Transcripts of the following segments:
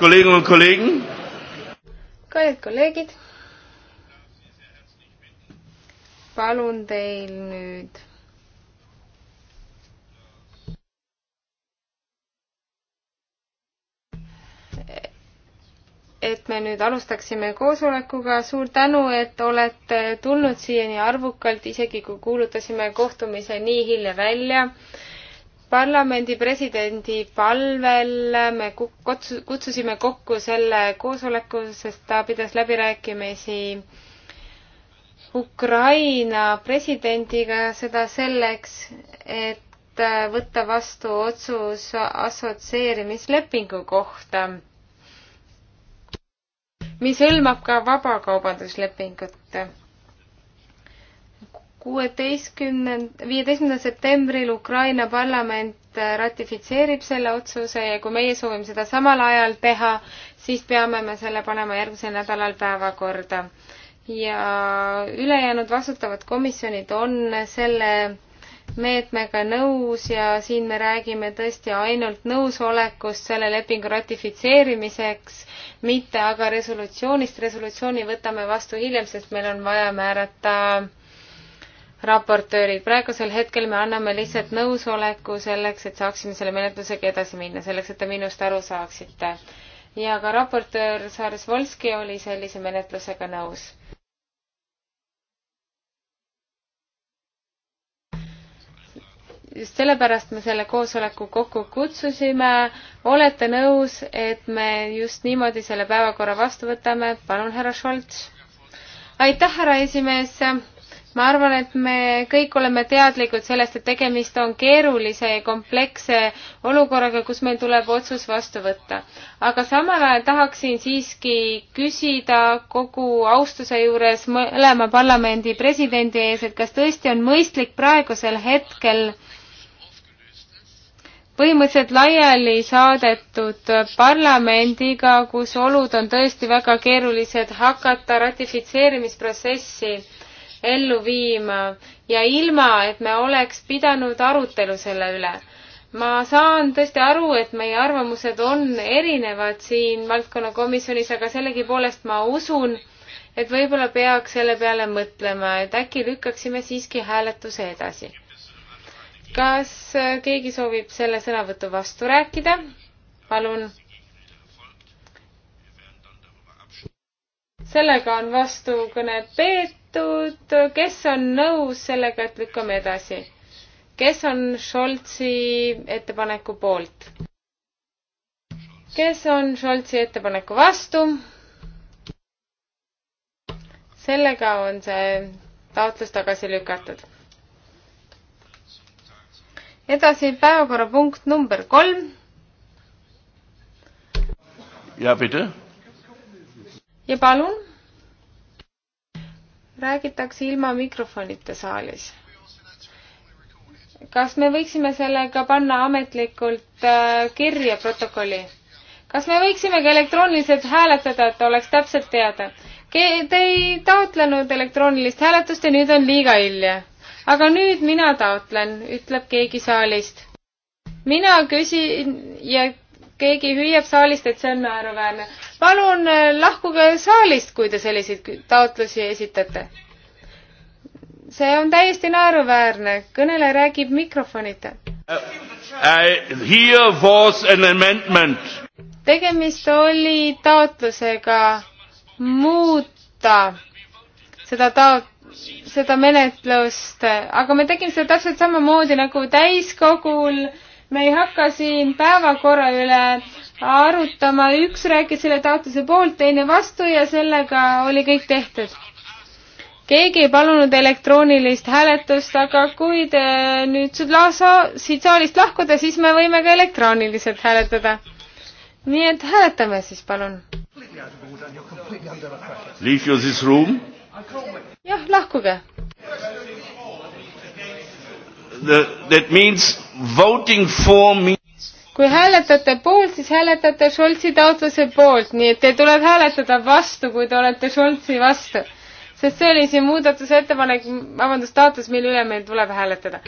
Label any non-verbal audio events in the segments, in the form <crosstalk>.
Kolleginnen und Kollegen. kallid kolleegid. palun teil nüüd. et me nüüd alustaksime koosolekuga. suur tänu, et olete tulnud siia nii arvukalt, isegi kui kuulutasime kohtumise nii hilja välja parlamendi presidendi palvel me kutsusime kokku selle koosoleku, sest ta pidas läbirääkimisi Ukraina presidendiga, seda selleks, et võtta vastu otsus assotsieerimislepingu kohta, mis hõlmab ka vabakaubanduslepingut kuueteistkümnend, viieteistkümnendal septembril Ukraina parlament äh, ratifitseerib selle otsuse ja kui meie soovime seda samal ajal teha, siis peame me selle panema järgmisel nädalal päevakorda. ja ülejäänud vastutavad komisjonid on selle meetmega nõus ja siin me räägime tõesti ainult nõusolekust selle lepingu ratifitseerimiseks, mitte aga resolutsioonist. resolutsiooni võtame vastu hiljem, sest meil on vaja määrata raportöörid, praegusel hetkel me anname lihtsalt nõusoleku selleks, et saaksime selle menetlusega edasi minna, selleks, et te minust aru saaksite. ja ka raportöör Saares Volski oli sellise menetlusega nõus. just sellepärast me selle koosoleku kokku kutsusime. olete nõus, et me just niimoodi selle päevakorra vastu võtame? palun, härra Šolts. aitäh, härra esimees ma arvan, et me kõik oleme teadlikud sellest, et tegemist on keerulise ja kompleksse olukorraga, kus meil tuleb otsus vastu võtta. aga samal ajal tahaksin siiski küsida kogu austuse juures mõlema parlamendi presidendi ees, et kas tõesti on mõistlik praegusel hetkel põhimõtteliselt laiali saadetud parlamendiga, kus olud on tõesti väga keerulised, hakata ratifitseerimisprotsessi ellu viima ja ilma, et me oleks pidanud arutelu selle üle. ma saan tõesti aru, et meie arvamused on erinevad siin valdkonnakomisjonis, aga sellegipoolest ma usun, et võib-olla peaks selle peale mõtlema, et äkki lükkaksime siiski hääletuse edasi. kas keegi soovib selle sõnavõtu vastu rääkida? palun. sellega on vastukõne peetud tehtud, kes on nõus sellega, et lükkame edasi? kes on Scholzi ettepaneku poolt? kes on Scholzi ettepaneku vastu? sellega on see taotlus tagasi lükatud. edasi päevakorrapunkt number kolm. ja, ja palun räägitakse ilma mikrofonita saalis. kas me võiksime selle ka panna ametlikult äh, kirja protokolli? kas me võiksime ka elektrooniliselt hääletada, et oleks täpselt teada? Te ei taotlenud elektroonilist hääletust ja nüüd on liiga hilja. aga nüüd mina taotlen, ütleb keegi saalist. mina küsin ja keegi hüüab saalist, et see on naeruväärne palun äh, lahkuge saalist, kui te selliseid taotlusi esitate. see on täiesti naeruväärne, kõneleja räägib mikrofonita uh,. tegemist oli taotlusega muuta seda taot-, seda menetlust, aga me tegime seda täpselt samamoodi nagu täiskogul äh, me ei hakka siin päevakorra üle arutama, üks rääkis selle taotluse poolt, teine vastu ja sellega oli kõik tehtud. keegi ei palunud elektroonilist hääletust, aga kui te nüüd siit saalist lahkuda, siis me võime ka elektrooniliselt hääletada. nii et hääletame siis, palun. Leave you this room. jah, lahkuge that means voting for me kui hääletate poolt, siis hääletate Scholzi taotluse poolt, nii et teil tuleb hääletada vastu, kui te olete Scholzi vastu. sest see oli see muudatusettepanek, vabandust, taotlus, mille üle meil tuleb hääletada.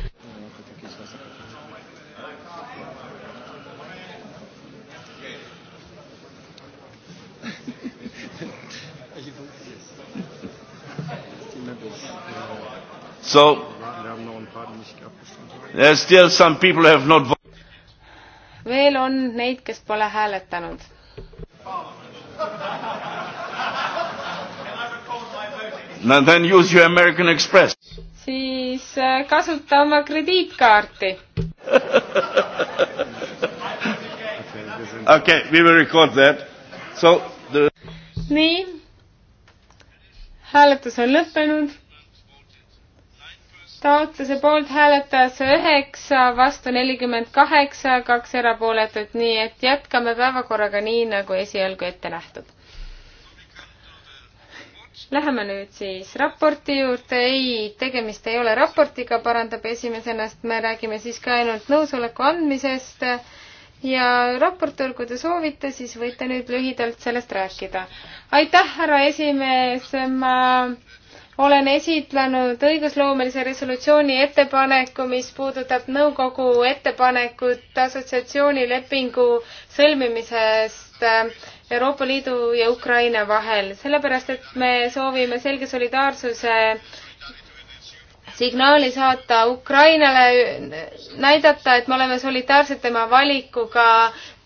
So Still some people have not veel on neid, kes pole hääletanud. Then use your American Express. siis äh, kasuta oma krediitkaarti <laughs> okay, we will record that. So the... nii, hääletus on lõppenud taotluse poolt hääletas üheksa, vastu nelikümmend kaheksa, kaks erapooletut, nii et jätkame päevakorraga nii, nagu esialgu ette nähtud. Läheme nüüd siis raporti juurde. ei, tegemist ei ole raportiga, parandab esimees ennast, me räägime siiski ainult nõusoleku andmisest ja raportöör, kui te soovite, siis võite nüüd lühidalt sellest rääkida. aitäh, härra esimees, ma olen esitlenud õigusloomelise resolutsiooni ettepaneku, mis puudutab nõukogu ettepanekut assotsiatsioonilepingu sõlmimisest Euroopa Liidu ja Ukraina vahel, sellepärast et me soovime selge solidaarsuse signaali saata Ukrainale, näidata, et me oleme solidaarsed tema valikuga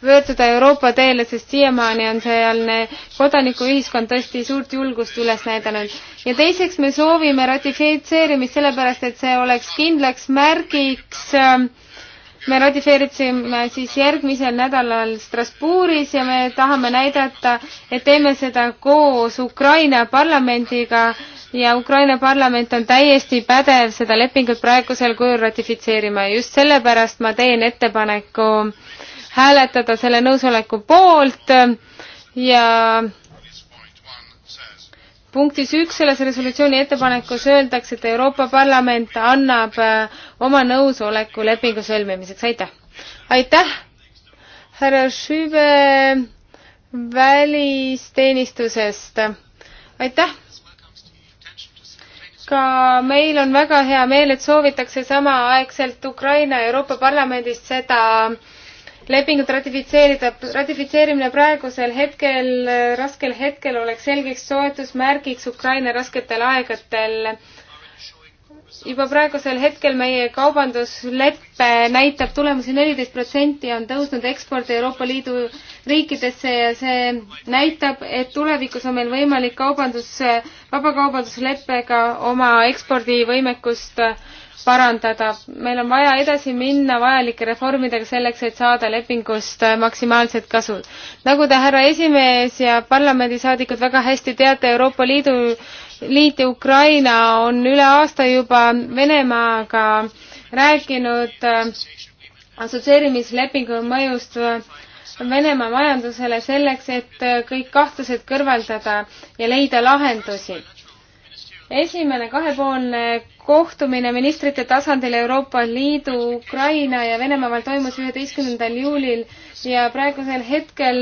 pöörduda Euroopa teele, sest siiamaani on sealne kodanikuühiskond tõesti suurt julgust üles näidanud ja teiseks me soovime ratifitseerimist sellepärast, et see oleks kindlaks märgiks me ratifeeritsime siis järgmisel nädalal Strasbourgis ja me tahame näidata, et teeme seda koos Ukraina parlamendiga ja Ukraina parlament on täiesti pädev seda lepingut praegusel kujul ratifitseerima ja just sellepärast ma teen ettepaneku hääletada selle nõusoleku poolt ja punktis üks selles resolutsiooni ettepanekus öeldakse, et Euroopa Parlament annab äh, oma nõusoleku lepingu sõlmimiseks, aitäh. aitäh, härra Schübe välisteenistusest, aitäh. ka meil on väga hea meel, et soovitakse samaaegselt Ukraina Euroopa Parlamendist seda äh, lepingut ratifitseerida. ratifitseerimine praegusel hetkel, raskel hetkel oleks selgeks soetusmärgiks Ukraina rasketel aegadel. juba praegusel hetkel meie kaubandusleppe näitab tulemusi, neliteist protsenti on tõusnud eksport Euroopa Liidu riikidesse ja see näitab, et tulevikus on meil võimalik kaubandus, vabakaubandusleppega oma ekspordivõimekust parandada. meil on vaja edasi minna vajalike reformidega selleks, et saada lepingust maksimaalset kasu. nagu te, härra esimees ja parlamendisaadikud väga hästi teate, Euroopa Liidu liit ja Ukraina on üle aasta juba Venemaaga rääkinud äh, assotsieerimislepingu mõjust Venemaa majandusele selleks, et kõik kahtlused kõrvaldada ja leida lahendusi esimene kahepoolne kohtumine ministrite tasandil Euroopa Liidu, Ukraina ja Venemaa vahel toimus üheteistkümnendal juulil ja praegusel hetkel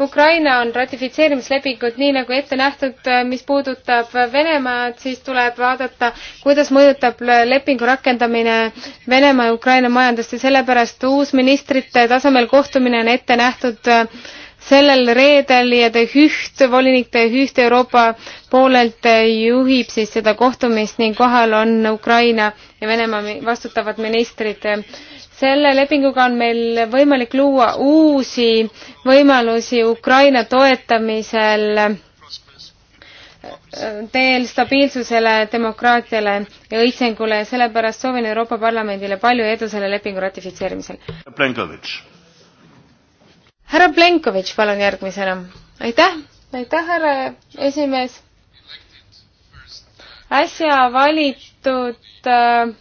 Ukraina on ratifitseerimislepingud nii nagu ette nähtud, mis puudutab Venemaad, siis tuleb vaadata, kuidas mõjutab lepingu rakendamine Venemaa ja Ukraina majandust ja sellepärast uus ministrite tasemel kohtumine on ette nähtud sellel reedel ja De Hüht, volinik De Hüht Euroopa poolelt juhib siis seda kohtumist ning kohal on Ukraina ja Venemaa vastutavad ministrid. selle lepinguga on meil võimalik luua uusi võimalusi Ukraina toetamisel äh, teel stabiilsusele, demokraatiale ja õitsengule ja sellepärast soovin Euroopa Parlamendile palju edu selle lepingu ratifitseerimisel. Plenkovitš härra Plenkovitš, palun järgmisena. aitäh, aitäh, härra esimees. äsja valitud äh,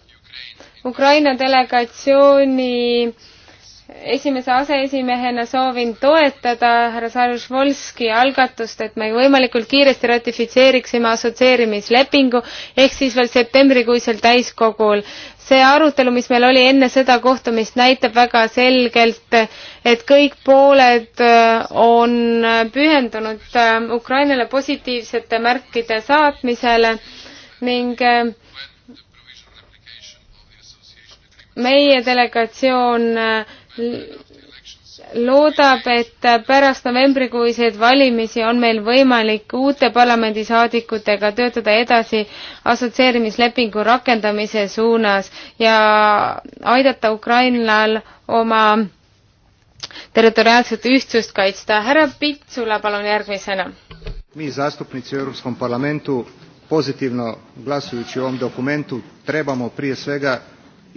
Ukraina delegatsiooni esimese aseesimehena soovin toetada härra Sarjuš Volski algatust, et me võimalikult kiiresti ratifitseeriksime assotsieerimislepingu ehk siis veel septembrikuisel täiskogul. see arutelu, mis meil oli enne seda kohtumist, näitab väga selgelt, et kõik pooled äh, on pühendunud äh, Ukrainale positiivsete märkide saatmisele ning äh, meie delegatsioon äh, loodab, et pärast novembrikuiseid valimisi on meil võimalik uute parlamendisaadikutega töötada edasi assotsieerimislepingu rakendamise suunas ja aidata Ukrainal oma territoriaalset ühtsust kaitsta. härra Pitsula, palun järgmisena. Mi zastupnici u Europskom parlamentu pozitivno glasujući o ovom dokumentu trebamo prije svega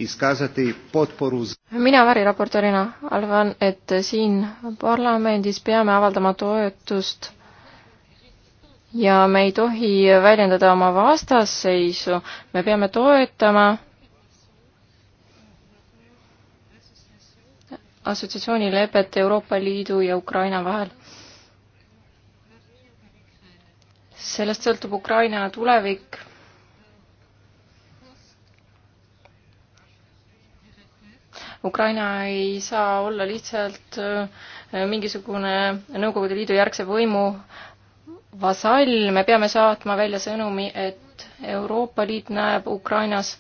iskazati potporu mina variraportorina arvan, et siin parlamendis peame avaldama toetust ja me ei tohi väljendada oma vastasseisu, me peame toetama assotsiatsioonilepet Euroopa Liidu ja Ukraina vahel. sellest sõltub Ukraina tulevik Ukraina ei saa olla lihtsalt äh, mingisugune Nõukogude Liidu järgse võimu vasall, me peame saatma välja sõnumi, et Euroopa Liit näeb Ukrainas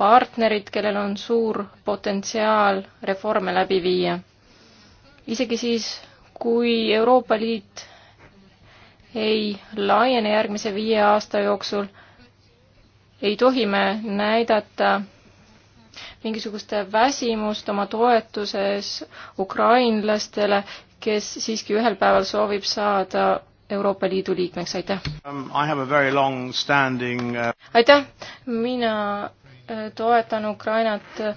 partnerit, kellel on suur potentsiaal reforme läbi viia. isegi siis, kui Euroopa Liit ei laiene järgmise viie aasta jooksul, ei tohi me näidata mingisugust väsimust oma toetuses ukrainlastele, kes siiski ühel päeval soovib saada Euroopa Liidu liikmeks, aitäh um,! Standing... Uh, aitäh! mina äh, toetan Ukrainat äh,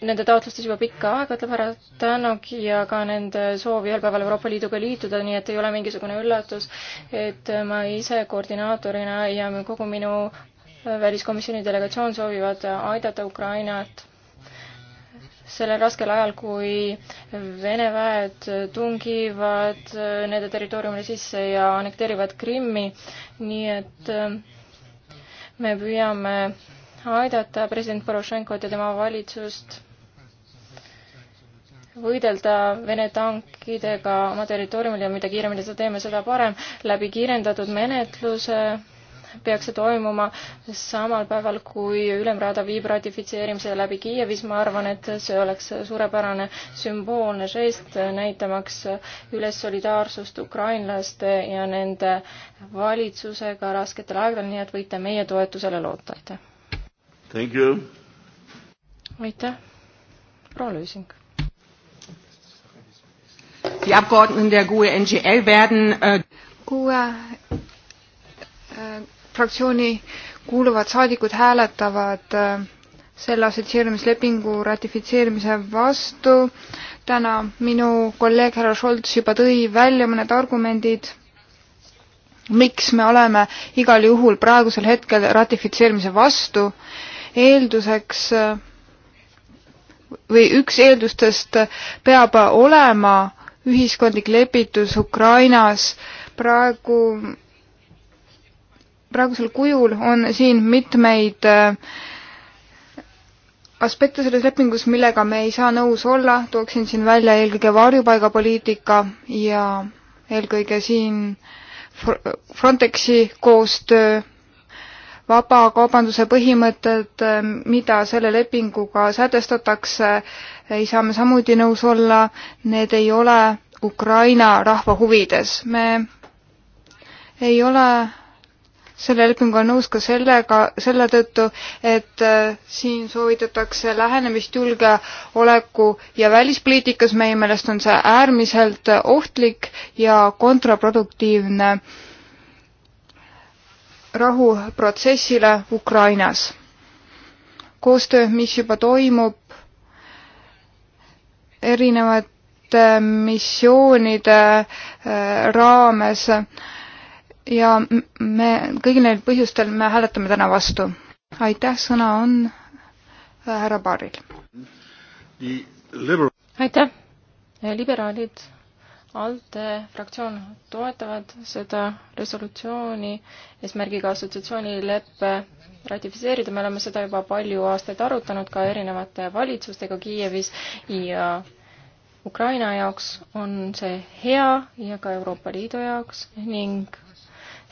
nende taotlustes juba pikka aega, ütleb härra Tänok, ja ka nende soovi ühel päeval Euroopa Liiduga liituda, nii et ei ole mingisugune üllatus, et ma ise koordinaatorina ja kogu minu väliskomisjoni delegatsioon soovivad aidata Ukrainat sellel raskel ajal, kui Vene väed tungivad nende territooriumile sisse ja annekteerivad Krimmi, nii et äh, me püüame aidata president Porošenkot ja tema valitsust võidelda Vene tankidega oma territooriumil ja mida kiiremini seda teeme, seda parem, läbi kiirendatud menetluse peaks see toimuma samal päeval, kui Ülemraada viib ratifitseerimise läbi Kiievis, ma arvan, et see oleks suurepärane sümboolne žest, näitamaks üles solidaarsust ukrainlaste ja nende valitsusega rasketel aegadel, nii et võite meie toetusele loota, aitäh! aitäh, proua Lüüsing! Die Abgeordneten der GUE NGL werden äh, GUE äh, fraktsiooni kuuluvad saadikud hääletavad äh, selle assotsieerimislepingu ratifitseerimise vastu. täna minu kolleeg härra Scholz juba tõi välja mõned argumendid, miks me oleme igal juhul praegusel hetkel ratifitseerimise vastu. eelduseks äh, või üks eeldustest peab olema ühiskondlik lepitus Ukrainas praegu praegusel kujul on siin mitmeid äh, aspekte selles lepingus, millega me ei saa nõus olla, tooksin siin välja eelkõige varjupaigapoliitika ja eelkõige siin Frontexi koostöö, vabakaubanduse põhimõtted, äh, mida selle lepinguga sätestatakse, ei saa me samuti nõus olla, need ei ole Ukraina rahva huvides. me ei ole selle lepinguga nõus ka sellega, selle tõttu, et äh, siin soovitatakse lähenemist julgeoleku ja välispoliitikas, meie meelest on see äärmiselt ohtlik ja kontraproduktiivne rahuprotsessile Ukrainas. koostöö, mis juba toimub erinevate missioonide äh, raames, ja me kõigil neil põhjustel me hääletame täna vastu. aitäh, sõna on äh, härra Baaril. aitäh, äh, liberaalid, ALDE fraktsioon toetavad seda resolutsiooni eesmärgiga assotsiatsioonileppe ratifitseerida, me oleme seda juba palju aastaid arutanud ka erinevate valitsustega Kiievis ja Ukraina jaoks on see hea ja ka Euroopa Liidu jaoks ning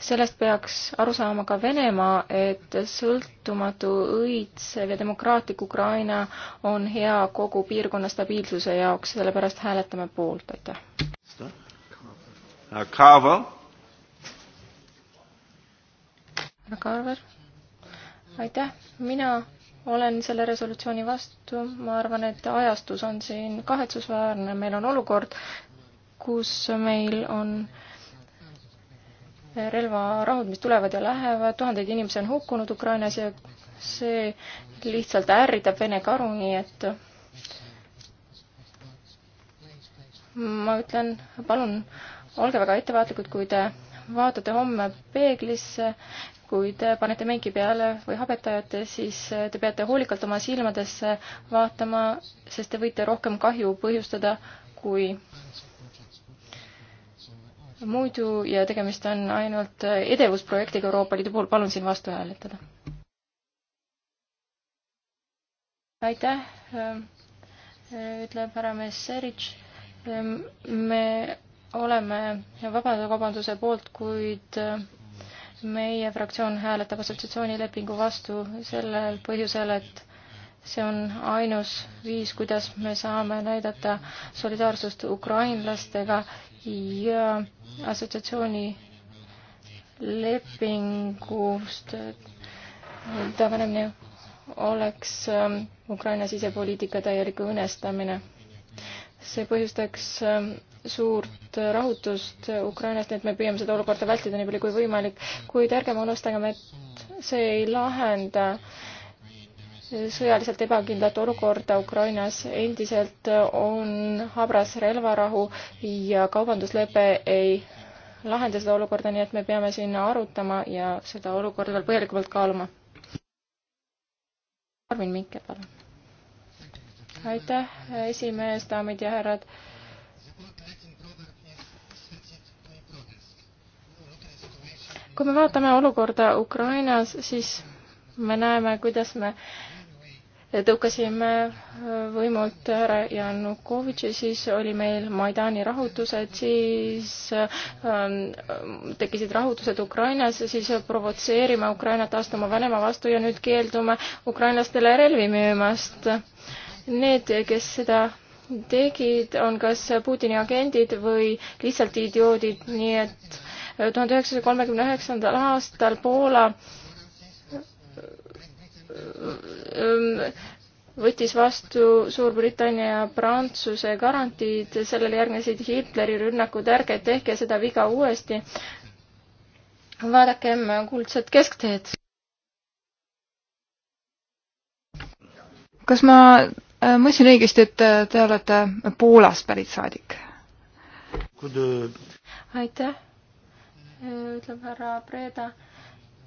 sellest peaks aru saama ka Venemaa, et sõltumatu, õitsev ja demokraatlik Ukraina on hea kogu piirkonna stabiilsuse jaoks, sellepärast hääletame poolt, aitäh. Carver. härra Carver, aitäh, mina olen selle resolutsiooni vastu, ma arvan, et ajastus on siin kahetsusväärne, meil on olukord, kus meil on äh, relvarahud, mis tulevad ja lähevad, tuhandeid inimesi on hukkunud Ukrainas ja see lihtsalt ärritab Vene karu, nii et ma ütlen, palun olge väga ettevaatlikud, kui te vaatate homme peeglisse, kui te panete meiki peale või habetajate, siis te peate hoolikalt oma silmadesse vaatama, sest te võite rohkem kahju põhjustada, kui muidu ja tegemist on ainult äh, edevusprojektiga Euroopa Liidu puhul, palun siin vastu hääletada. aitäh, ähm, äh, ütleb härra Messerich. Ähm, me oleme vabadusekaubanduse poolt, kuid äh, meie fraktsioon hääletab assotsiatsioonilepingu vastu sellel põhjusel, et see on ainus viis, kuidas me saame näidata solidaarsust ukrainlastega ja assotsiatsiooni lepingust taganemine oleks ähm, Ukraina sisepoliitika täieliku õõnestamine. see põhjustaks ähm, suurt rahutust Ukrainas, nii et me püüame seda olukorda vältida nii palju kui võimalik, kuid ärgem unustagem, et see ei lahenda äh, sõjaliselt ebakindlat olukorda Ukrainas. endiselt on habras relvarahu ja kaubanduslepe ei lahenda seda olukorda, nii et me peame siin arutama ja seda olukorda veel põhjalikumalt kaaluma. Armin Mikke, palun. aitäh, esimees, daamid ja härrad kui me vaatame olukorda Ukrainas, siis me näeme, kuidas me tõukasime äh, võimult härra Janukovitši, siis oli meil Maidani rahutused, siis ähm, tekkisid rahutused Ukrainas, siis provotseerime Ukrainat astuma Venemaa vastu ja nüüd keeldume ukrainlastele relvi müümast. Need, kes seda tegid, on kas Putini agendid või lihtsalt idioodid, nii et äh, tuhande üheksasaja kolmekümne üheksandal aastal Poola Ehm, võttis vastu Suurbritannia ja Prantsuse garantiid, sellele järgnesid Hitleri rünnakud, ärge tehke seda viga uuesti. vaadakem kuldset keskteed. kas ma äh, mõistsin õigesti, et äh, te olete Poolast pärit saadik? aitäh, äh, ütleb härra Breda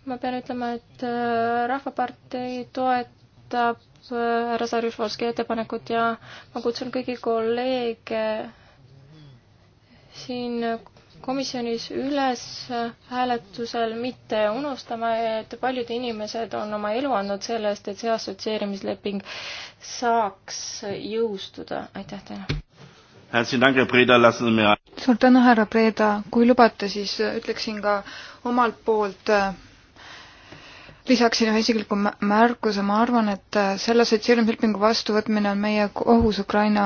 ma pean ütlema, et äh, Rahvapartei toetab äh, härra Sarjušvolski ettepanekut ja ma kutsun kõigi kolleege siin komisjonis üles äh, hääletusel mitte unustama, et paljud inimesed on oma elu andnud selle eest, et see assotsieerimisleping saaks jõustuda. aitäh teile! suur tänu, härra Preda, kui lubate, siis ütleksin ka omalt poolt lisaksin ühe isikliku märkuse, ma arvan, et äh, selle sotsiaallepingu vastuvõtmine on meie kohus Ukraina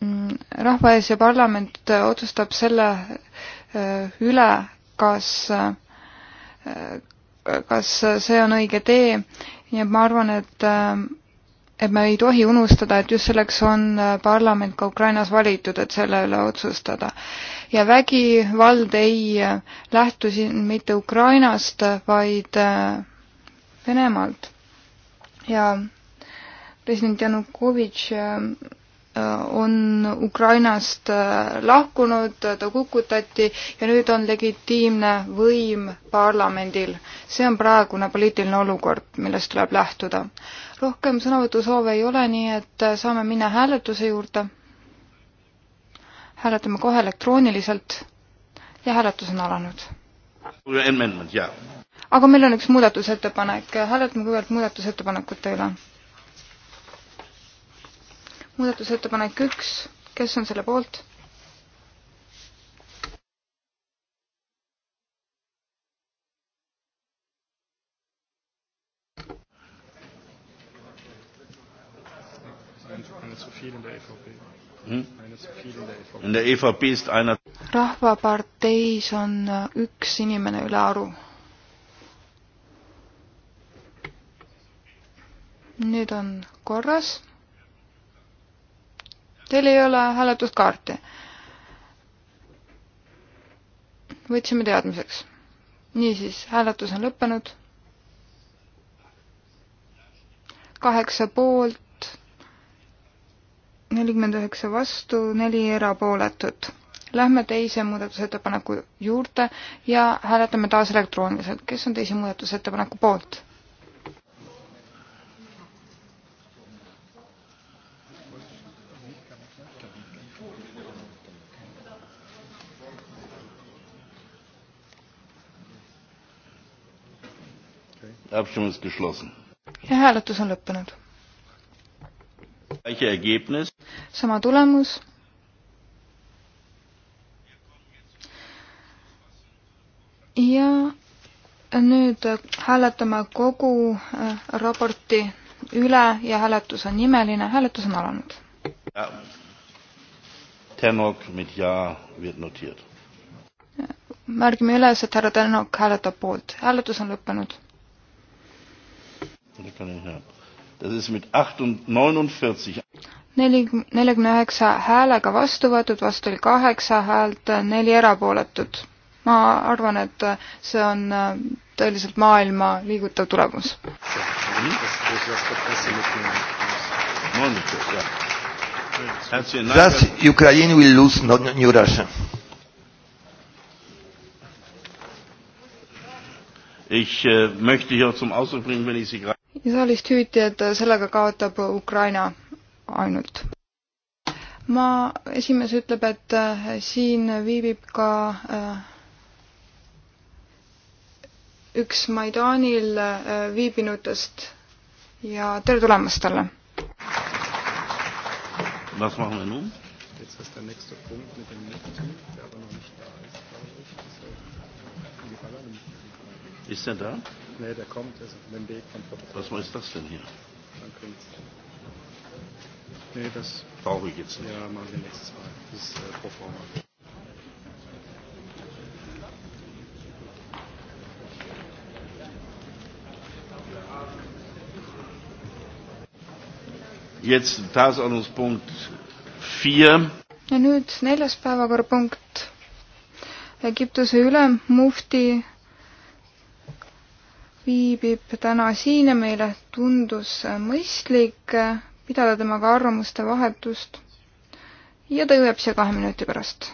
mm, rahva ees ja parlament äh, otsustab selle äh, üle, kas, kas see on õige tee. nii et ma arvan, et, et me ei tohi unustada, et just selleks on parlament ka Ukrainas valitud, et selle üle otsustada ja vägivald ei lähtu siin mitte Ukrainast, vaid äh, Venemaalt. ja president Janukovitš äh, on Ukrainast äh, lahkunud, ta kukutati ja nüüd on legitiimne võim parlamendil. see on praegune poliitiline olukord, millest tuleb lähtuda. rohkem sõnavõtusoove ei ole, nii et saame minna hääletuse juurde hääletame kohe elektrooniliselt ja hääletus on alanud. aga meil on üks muudatusettepanek, hääletame kõigepealt muudatusettepanekute üle. muudatusettepanek üks, kes on selle poolt? zu viel in der EVP hm?? Nende EVP-st aina-. rahvaparteis on äh, üks inimene üle aru. nüüd on korras. Teil ei ole hääletuskaarti. võtsime teadmiseks. niisiis, hääletus on lõppenud. kaheksa poolt, nelikümmend üheksa vastu, neli erapooletut. Lähme teise muudatusettepaneku juurde ja hääletame taas elektrooniliselt. kes on teise muudatusettepaneku poolt? ja hääletus on lõppenud sama tulemus. ja nüüd hääletame kogu äh, raporti üle ja hääletus on nimeline, hääletus on alanud. Tenok mit ja wird notiert. märgime üles, et härra Tenok hääletab poolt, hääletus on lõppenud. Das ist mit 49 neli, neljakümne üheksa häälega vastu võetud, vastu oli kaheksa häält, neli erapooletut. ma arvan, et see on äh, tõeliselt maailma liigutav tulemus. Thus Ukraine will lose not new Russia. Ich äh, möchte hier zum Ausdruck bringen, wenn ich Sie gerade saalist hüüti, et sellega kaotab Ukraina ainult. ma, esimees ütleb, et eh, siin viibib ka eh, üks Maidanil eh, viibinutest ja tere tulemast talle! Was machen wir nun? Jetzt ist der nächste Punkt mit dem Nichten, der aber noch nicht da ist, glaube ich. Ist er da? Er Nee, der kommt, ist auf dem Weg von Protokoll. Er. Was ist das denn hier? Dann kommt's. Nee, das brauche ich jetzt nicht. Ja, machen wir nächstes Mal. Das ist äh, pro forma. Jetzt Tagesordnungspunkt 4. ja nüüd neljas päevakorrapunkt. Egiptuse ülem Mufti viibib täna siin ja meile tundus mõistlik pidada temaga arvamuste vahetust ja ta jõuab siia kahe minuti pärast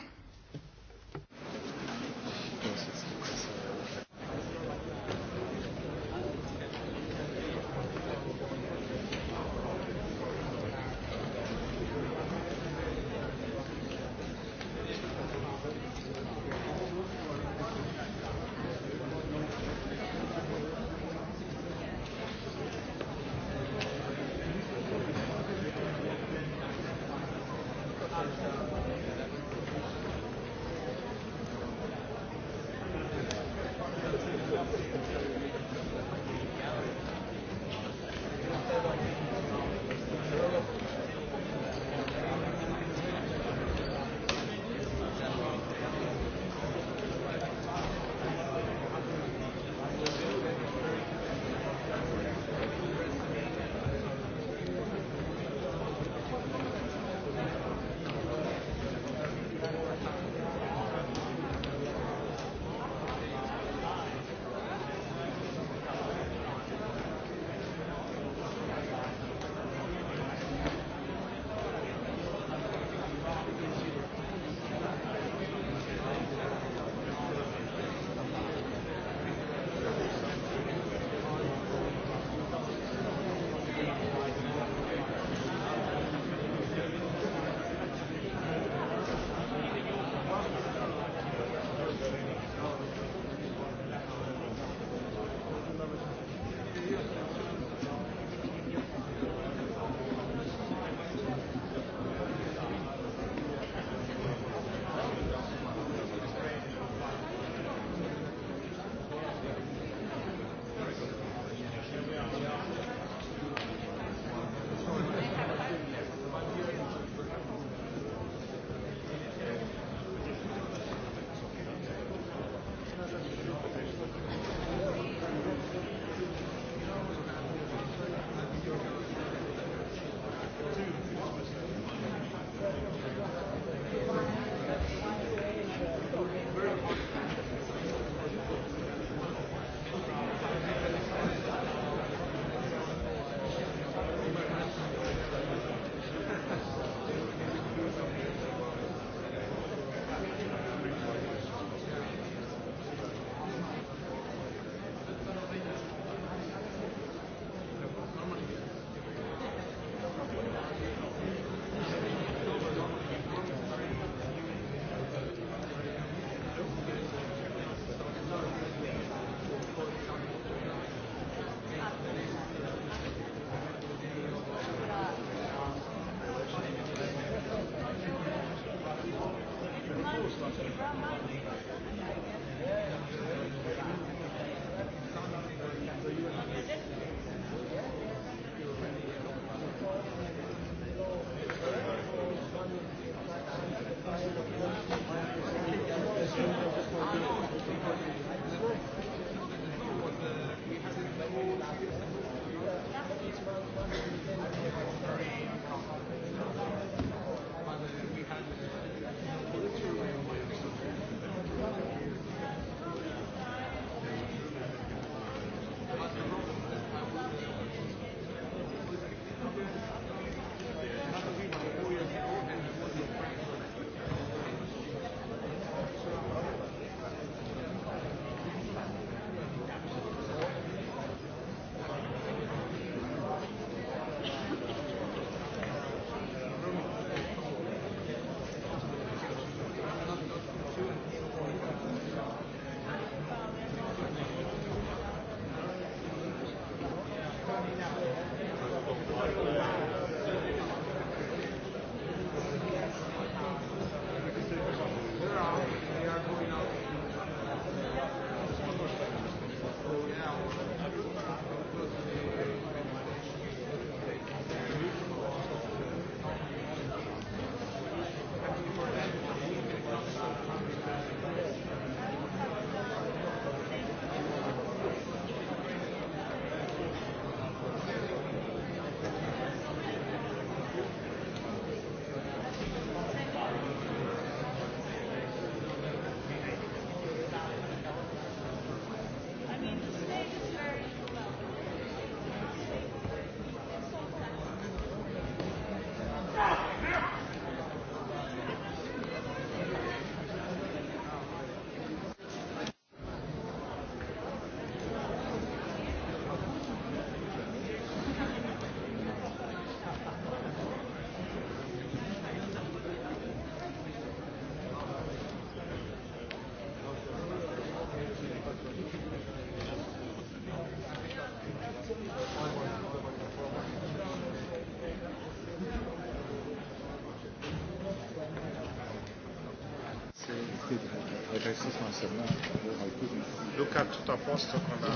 tutto a posto con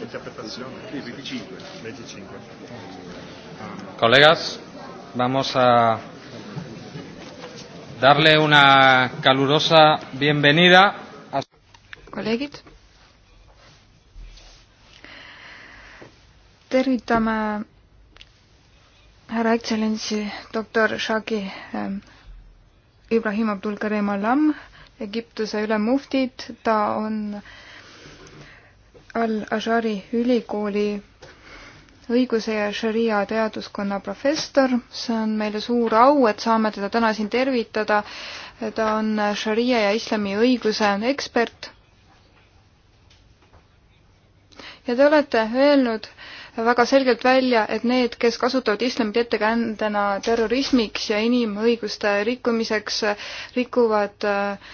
l'interpretazione? Sì, 25. 25. Colegas, vamos a darle una calurosa bienvenida a. Kolleegid. tervitame härra ekstsellentsi doktor Shagi ähm, Ibrahim Abdul Karim Alam, Egiptuse ülemmuftid, ta on äh, Al-Ashari ülikooli õiguse ja šaria teaduskonna professor. see on meile suur au, et saame teda täna siin tervitada. ta on šaria ja islami õiguse ekspert. ja te olete öelnud väga selgelt välja, et need, kes kasutavad islamit ettekäändena terrorismiks ja inimõiguste rikkumiseks, rikuvad äh,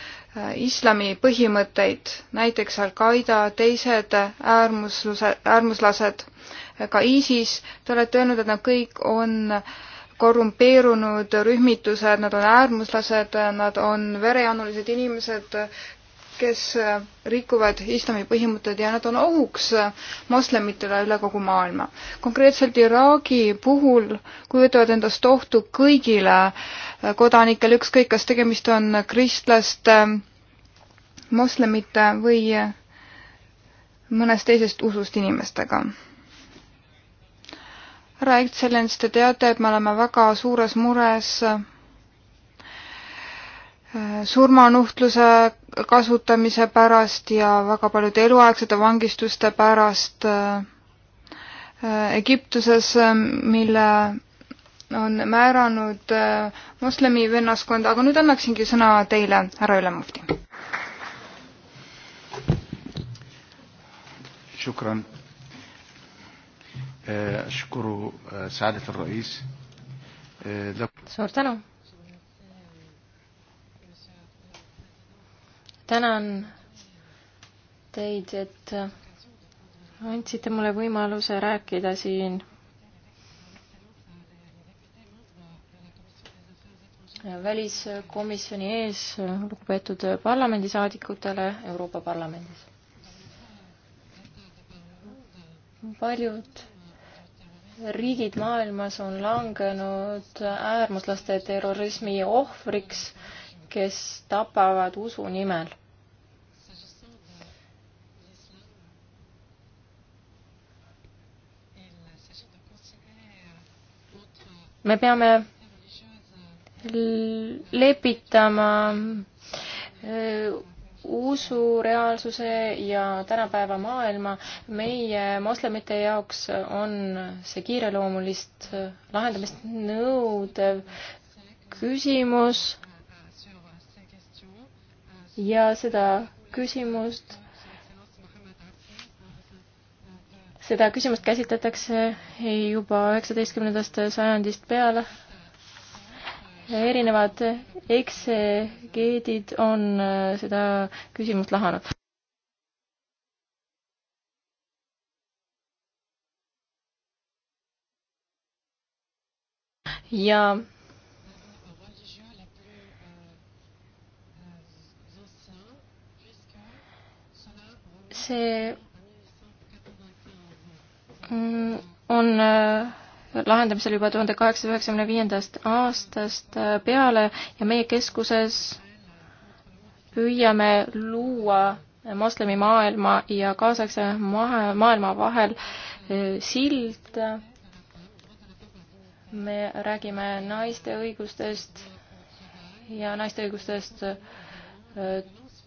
islami põhimõtteid, näiteks Al-Qaeda, teised äärmusluse, äärmuslased, ka ISIS, te olete öelnud, et nad kõik on korrumpeerunud rühmitused, nad on äärmuslased, nad on verejanulised inimesed, kes äh, rikuvad islami põhimõtted ja nad on ohuks äh, moslemitele üle kogu maailma. konkreetselt Iraagi puhul kujutavad endast ohtu kõigile äh, kodanikele, ükskõik kas tegemist on kristlaste, moslemite või mõnest teisest usust inimestega. härra Excellence, te teate, et me oleme väga suures mures surmanuhtluse kasutamise pärast ja väga paljude eluaegsete vangistuste pärast äh, äh, Egiptuses, mille on määranud äh, moslemi vennaskond, aga nüüd annaksingi sõna teile, härra ülemufti. شكرا أشكر سعادة الرئيس suur tänu tänan teid, et andsite mulle võimaluse rääkida siin väliskomisjoni ees lugupeetud parlamendisaadikutele Euroopa Parlamendis. paljud riigid maailmas on langenud äärmuslaste terrorismi ohvriks kes tapavad usu nimel. me peame lepitama äh, usu, reaalsuse ja tänapäeva maailma. meie moslemite jaoks on see kiireloomulist lahendamist nõudev küsimus ja seda küsimust, seda küsimust käsitletakse juba üheksateistkümnendast sajandist peale. erinevad eksegeedid on äh, seda küsimust lahanud. ja see mm, on äh, lahendamisel juba tuhande kaheksasaja üheksakümne viiendast aastast äh, peale ja meie keskuses püüame luua moslemimaailma ja kaasaegse maailma vahel äh, sild. me räägime naiste õigustest ja naiste õigustest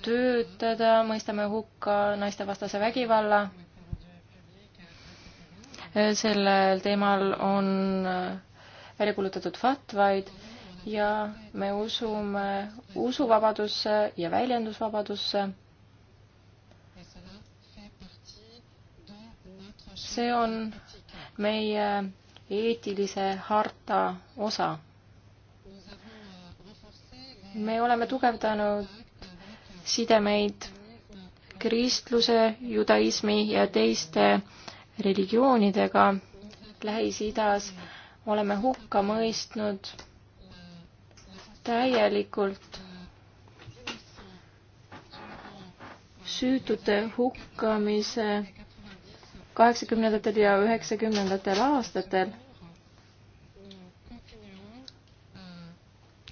töötada, mõistame hukka naistevastase vägivalla. sellel teemal on välja kuulutatud fatvaid ja me usume usuvabadusse ja väljendusvabadusse. see on meie eetilise harta osa. me oleme tugevdanud sidemeid kristluse, judaismi ja teiste religioonidega Lähis-Idas, oleme hukka mõistnud täielikult süütute hukkamise kaheksakümnendatel ja üheksakümnendatel aastatel.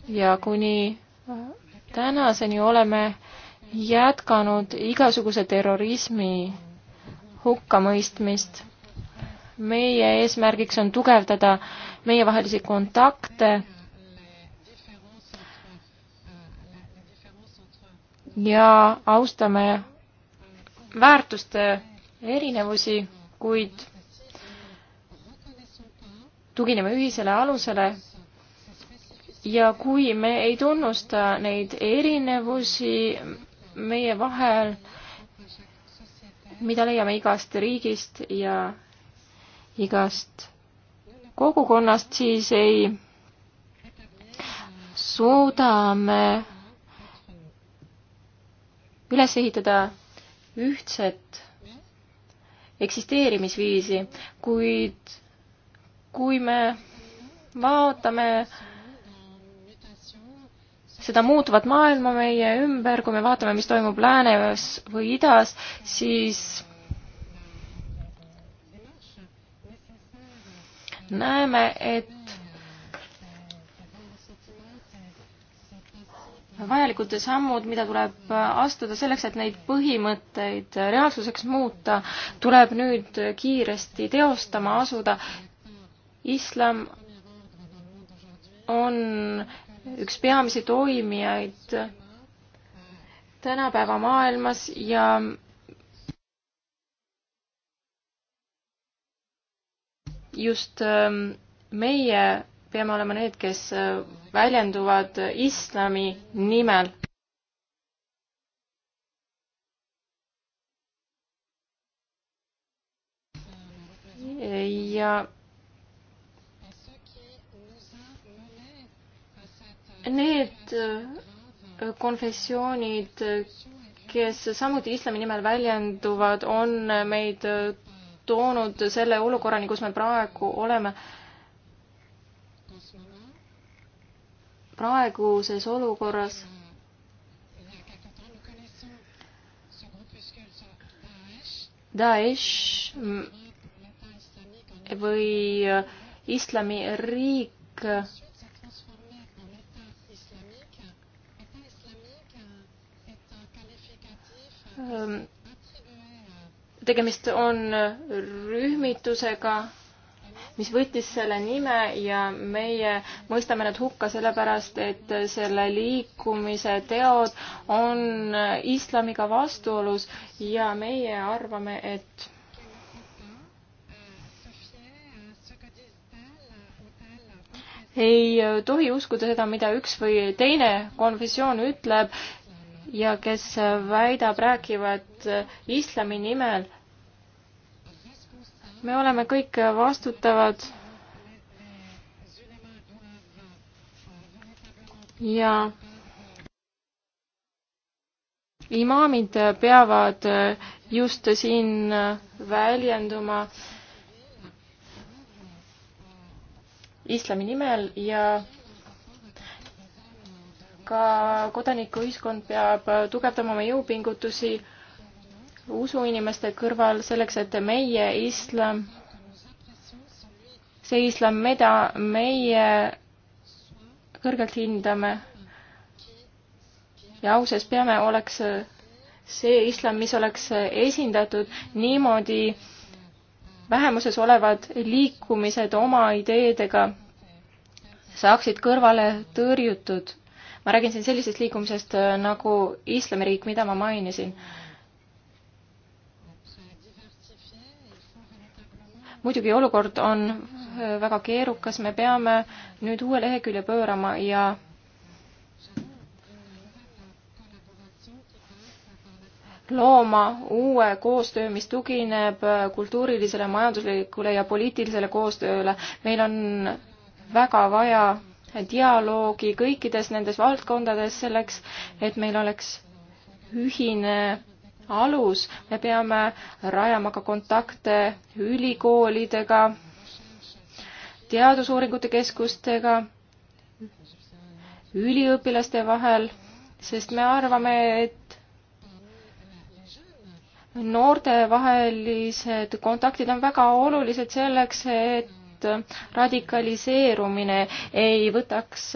ja kuni tänaseni oleme jätkanud igasuguse terrorismi hukkamõistmist. meie eesmärgiks on tugevdada meievahelisi kontakte ja austame väärtuste erinevusi, kuid tugineme ühisele alusele ja kui me ei tunnusta neid erinevusi, meie vahel, mida leiame igast riigist ja igast kogukonnast, siis ei suudame üles ehitada ühtset eksisteerimisviisi, kuid kui me vaatame äh, seda muutuvat maailma meie ümber, kui me vaatame, mis toimub läänes või idas, siis näeme, et vajalikud sammud, mida tuleb astuda selleks, et neid põhimõtteid reaalsuseks muuta, tuleb nüüd kiiresti teostama asuda. islam on üks peamisi toimijaid tänapäeva maailmas ja just ähm, meie peame olema need, kes äh, väljenduvad islami nimel. ja Need äh, konfessioonid, kes samuti islami nimel väljenduvad, on meid äh, toonud selle olukorrani, kus me praegu oleme. praeguses olukorras Daesh või islamiriik Ähm, tegemist on rühmitusega, mis võttis selle nime ja meie mõistame nad hukka sellepärast, et selle liikumise teod on islamiga vastuolus ja meie arvame, et ei tohi uskuda seda, mida üks või teine konfessioon ütleb ja kes väidab, räägivad islami nimel. me oleme kõik vastutavad. ja imaamid peavad just siin väljenduma islami nimel ja ka kodanikuühiskond peab tugevdama oma jõupingutusi usuinimeste kõrval selleks, et meie islam, see islam, mida meie kõrgelt hindame ja ausas peame, oleks see islam, mis oleks esindatud niimoodi, vähemuses olevad liikumised oma ideedega saaksid kõrvale tõrjutud ma räägin siin sellisest liikumisest äh, nagu Islamiriik, mida ma mainisin. muidugi olukord on äh, väga keerukas, me peame nüüd uue lehekülje pöörama ja looma uue koostöö, mis tugineb äh, kultuurilisele, majanduslikule ja poliitilisele koostööle. meil on väga vaja dialoogi kõikides nendes valdkondades selleks, et meil oleks ühine alus, me peame rajama ka kontakte ülikoolidega, teadusuuringute keskustega, üliõpilaste vahel, sest me arvame, et noortevahelised kontaktid on väga olulised selleks, et et radikaliseerumine ei võtaks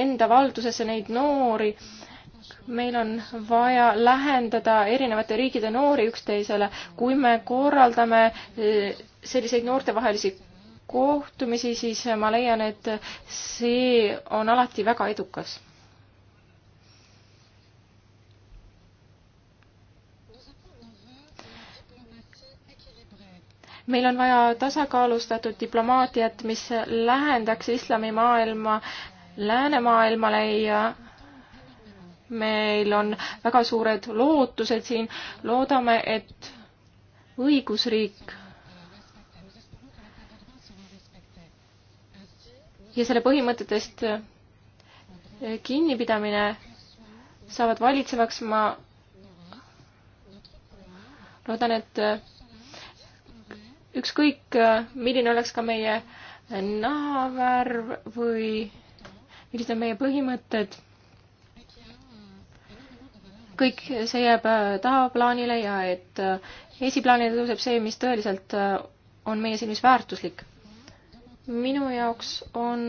enda valdusesse neid noori. meil on vaja lähendada erinevate riikide noori üksteisele, kui me korraldame eh, selliseid noortevahelisi kohtumisi, siis ma leian, et see on alati väga edukas meil on vaja tasakaalustatud diplomaatiat, mis lähendaks islamimaailma läänemaailmale ja meil on väga suured lootused siin, loodame, et õigusriik ja selle põhimõtetest kinnipidamine saavad valitsevaks, ma loodan, et ükskõik, äh, milline oleks ka meie nahavärv või millised on meie põhimõtted, kõik see jääb äh, tahaplaanile ja et äh, esiplaanile tõuseb see, mis tõeliselt on meie silmis väärtuslik. minu jaoks on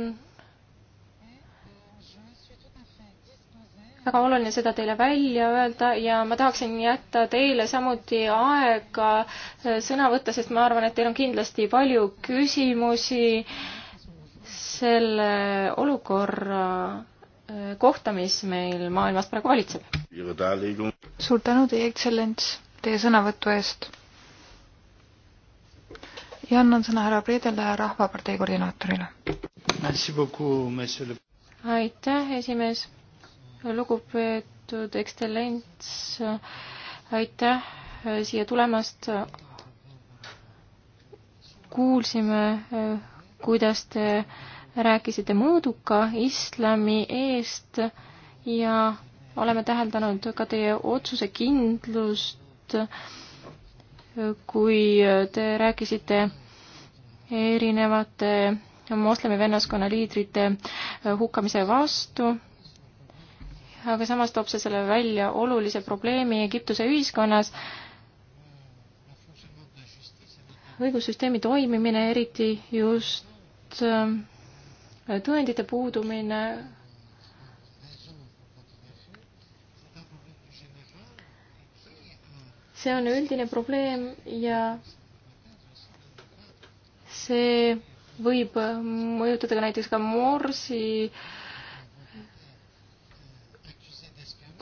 väga oluline seda teile välja öelda ja ma tahaksin jätta teile samuti aega äh, sõna võtta, sest ma arvan, et teil on kindlasti palju küsimusi selle olukorra äh, kohta, mis meil maailmas praegu valitseb. suur tänu, Teie Ekstsellents, teie sõnavõtu eest. ja annan sõna härra Priedele, Rahvapartei koordinaatorile. aitäh, esimees lugupeetud ekstsellents, aitäh siia tulemast. kuulsime, kuidas te rääkisite mõõduka islami eest ja oleme täheldanud ka teie otsusekindlust, kui te rääkisite erinevate moslemi vennaskonna liidrite hukkamise vastu aga samas toob see selle välja olulise probleemi Egiptuse ühiskonnas. õigussüsteemi toimimine, eriti just äh, tõendite puudumine, see on üldine probleem ja see võib mõjutada ka näiteks ka Morsi äh,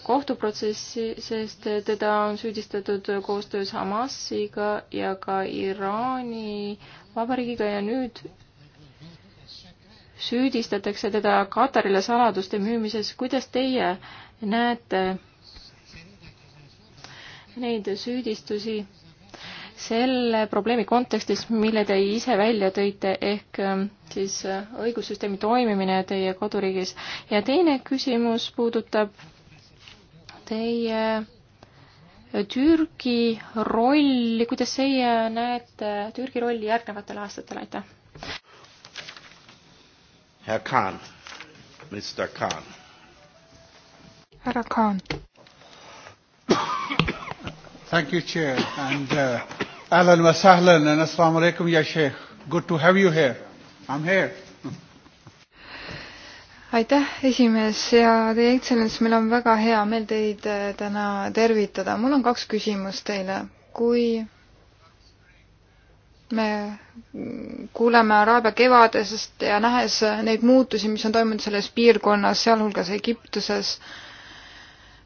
kohtuprotsessi, sest teda on süüdistatud koostöös Hamasiga ja ka Iraani vabariigiga ja nüüd süüdistatakse teda Katarile saladuste müümises. kuidas teie näete neid süüdistusi selle probleemi kontekstis, mille te ise välja tõite, ehk ähm, siis äh, õigussüsteemi toimimine teie koduriigis. ja teine küsimus puudutab teie äh, Türgi rolli, kuidas teie näete Türgi rolli järgnevatel aastatel, aitäh! Herr Kahn, Mr Kahn. härra Kahn. Thank you, chair and uh, Alan Masahlan and assalamu alaikum, ya sheikh. Good to have you here. I am here aitäh, esimees ja teie ekstsellents, meil on väga hea meel teid äh, täna tervitada. mul on kaks küsimust teile. kui me kuuleme Araabia kevadest ja nähes äh, neid muutusi, mis on toimunud selles piirkonnas, sealhulgas Egiptuses,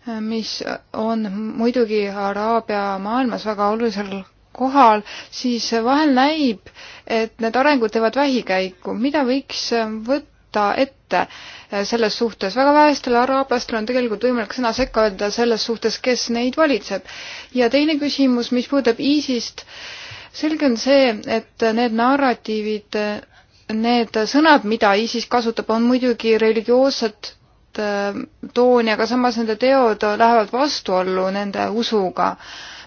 äh, mis on muidugi Araabia maailmas väga olulisel kohal, siis vahel näib, et need arengud teevad vähikäiku. mida võiks võtta ette? mitte äh, selles suhtes. väga vähestel araablastel on tegelikult võimalik sõna sekka öelda selles suhtes, kes neid valitseb. ja teine küsimus, mis puudutab ISIS-t, selge on see, et need narratiivid, need sõnad, mida ISIS kasutab, on muidugi religioossed äh, tooni, aga samas nende teod lähevad vastuollu nende usuga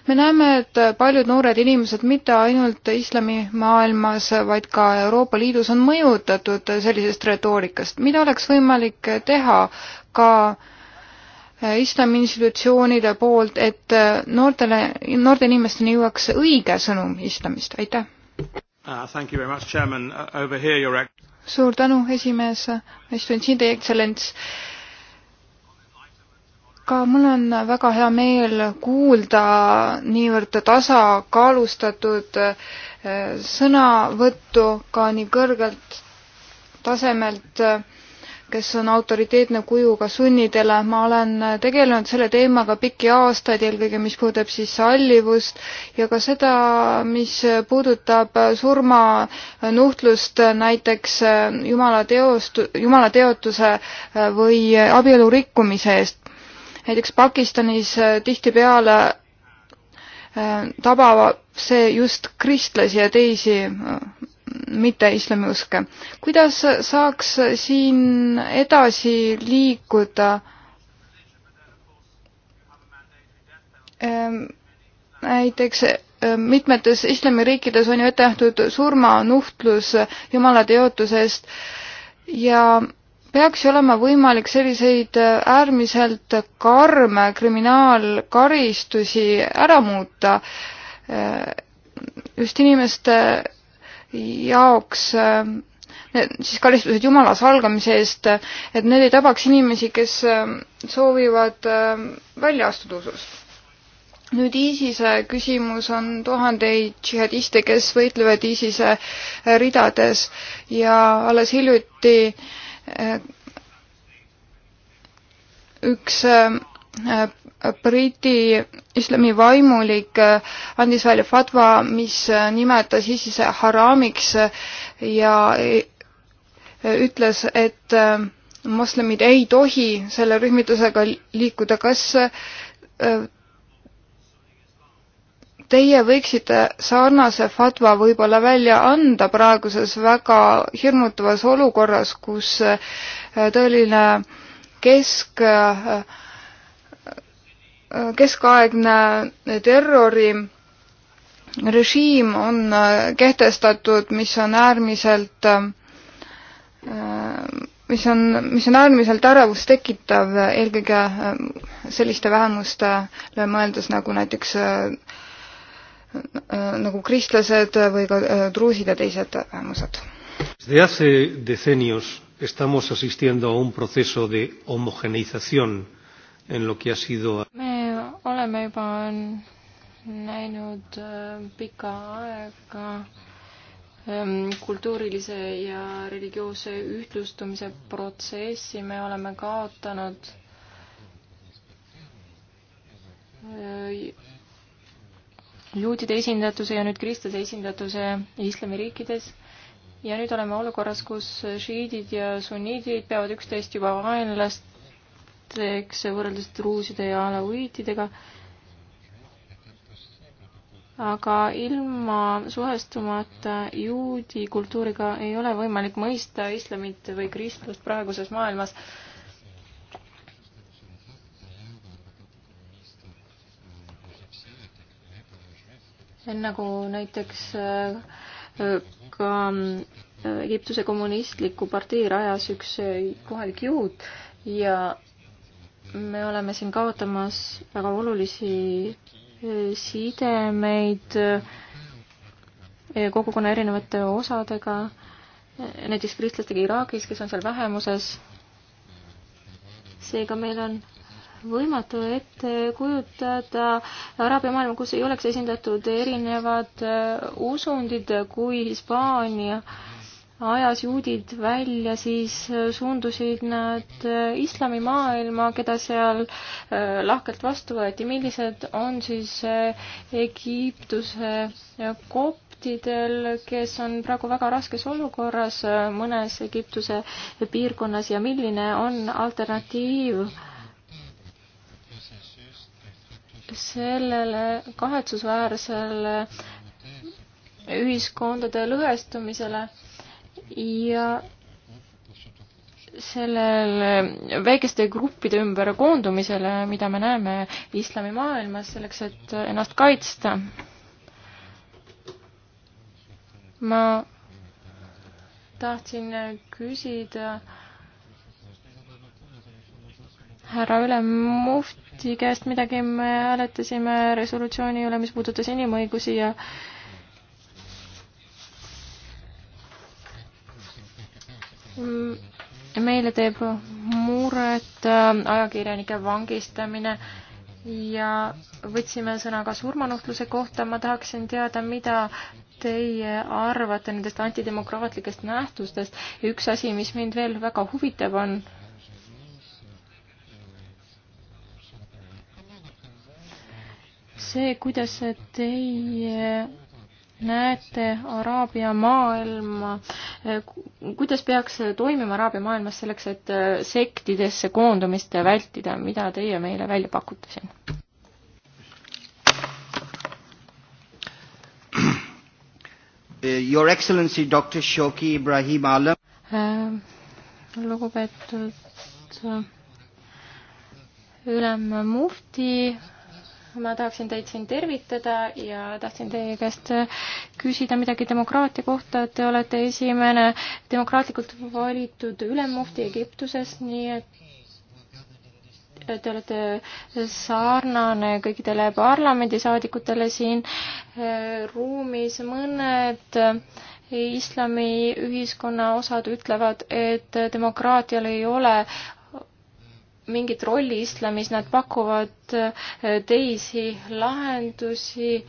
me näeme, et paljud noored inimesed mitte ainult islamimaailmas, vaid ka Euroopa Liidus on mõjutatud sellisest retoorikast. mida oleks võimalik teha ka islami institutsioonide poolt, et noortele, noorte inimesteni jõuaks õige sõnum islamist, aitäh ah, uh,! suur tänu, esimees, ma istun siin, teie ekstsellents aga mul on väga hea meel kuulda niivõrd tasakaalustatud eh, sõnavõttu ka nii kõrgelt tasemelt, kes on autoriteetne kuju ka sunnidele. ma olen tegelenud selle teemaga pikki aastaid, eelkõige mis puudutab siis allivust ja ka seda, mis puudutab surmanuhtlust näiteks eh, jumala teost, jumala teotuse eh, või abielu rikkumise eest näiteks Pakistanis äh, tihtipeale äh, tabab see just kristlasi ja teisi äh, mitte-islamiuske. kuidas saaks siin edasi liikuda? Ähm, näiteks mitmetes islamiriikides on ju ette nähtud surmanuhtlus jumala teotuse eest ja peaks ju olema võimalik selliseid äh, äärmiselt karme kriminaalkaristusi ära muuta äh, just inimeste jaoks äh, siis karistused jumala salgamise eest, et need ei tabaks inimesi, kes soovivad välja astuda usust. nüüd ISISe küsimus on tuhandeid džihadiste, kes võitlevad ISISe ridades ja alles hiljuti äh, Äh, üks äh, Briti islamivaimulik äh, andis välja fatva, mis nimetas ISISe haramiks ja ütles, et moslemid ei tohi selle rühmitusega liikuda. kas teie võiksite sarnase fatva võib-olla välja anda praeguses väga hirmutavas olukorras, kus äh, tõeline kesk, äh, keskaegne terrorirežiim on äh, kehtestatud, mis on äärmiselt, mis on, mis on äärmiselt ärevust tekitav, eelkõige selliste vähemustele mõeldes nagu näiteks äh, nagu kristlased või ka äh, druusid ja teised vähemused. Desde hace decenios estamos asistiendo a un proceso de homogeneización en lo que ha sido me oleme juba näinud äh, pikka aega ähm, kultuurilise ja religioosse ühtlustumise protsessi, me oleme kaotanud äh, juutide esindatuse ja nüüd kristlase esindatuse islamiriikides. ja nüüd oleme olukorras, kus šiidid ja sunniidid peavad üksteist juba vaenlasteks võrreldes druuside ja alauiitidega. aga ilma suhestumata juudi kultuuriga ei ole võimalik mõista islamit või kristlust praeguses maailmas nagu näiteks äh, ka äh, Egiptuse kommunistliku partei rajas üks äh, kohalik juut ja me oleme siin kaotamas väga olulisi sidemeid kogukonna erinevate osadega, näiteks kristlastega Iraagis, kes on seal vähemuses. seega meil on võimatu ette kujutada Araabia maailma, kus ei oleks esindatud erinevad äh, usundid, kui Hispaania ajas juudid välja, siis äh, suundusid nad äh, islamimaailma, keda seal lahkelt vastu võeti. millised on siis Egiptuse kopp? juhtidel, kes on praegu väga raskes olukorras mõnes Egiptuse piirkonnas ja milline on alternatiiv sellele kahetsusväärsele ühiskondade lõhestumisele ja sellele väikeste gruppide ümber koondumisele, mida me näeme islamimaailmas selleks, et ennast kaitsta. ma tahtsin küsida härra ülemmuft-, Ti käest midagi, me hääletasime resolutsiooni üle, mis puudutas inimõigusi ja meile teeb muret äh, ajakirjanike vangistamine ja võtsime sõna ka surmanuhtluse kohta. ma tahaksin teada, mida teie arvate nendest antidemokraatlikest nähtustest ja üks asi, mis mind veel väga huvitav on see, kuidas teie näete Araabia maailma, kuidas peaks toimima Araabia maailmas selleks, et sektidesse koondumist vältida, mida teie meile välja pakute siin? Your Excellency Doctor Shoki Ibrahim Alam äh,. lugupeetud äh, ülemmufti äh, ma tahaksin teid siin tervitada ja tahtsin teie käest küsida midagi demokraatia kohta. Te olete esimene demokraatlikult valitud ülemmuhti Egiptuses, nii et te olete sarnane kõikidele parlamendisaadikutele siin ruumis. mõned islamiühiskonna osad ütlevad, et demokraatial ei ole mingit rolli islamis, nad pakuvad eh, teisi lahendusi,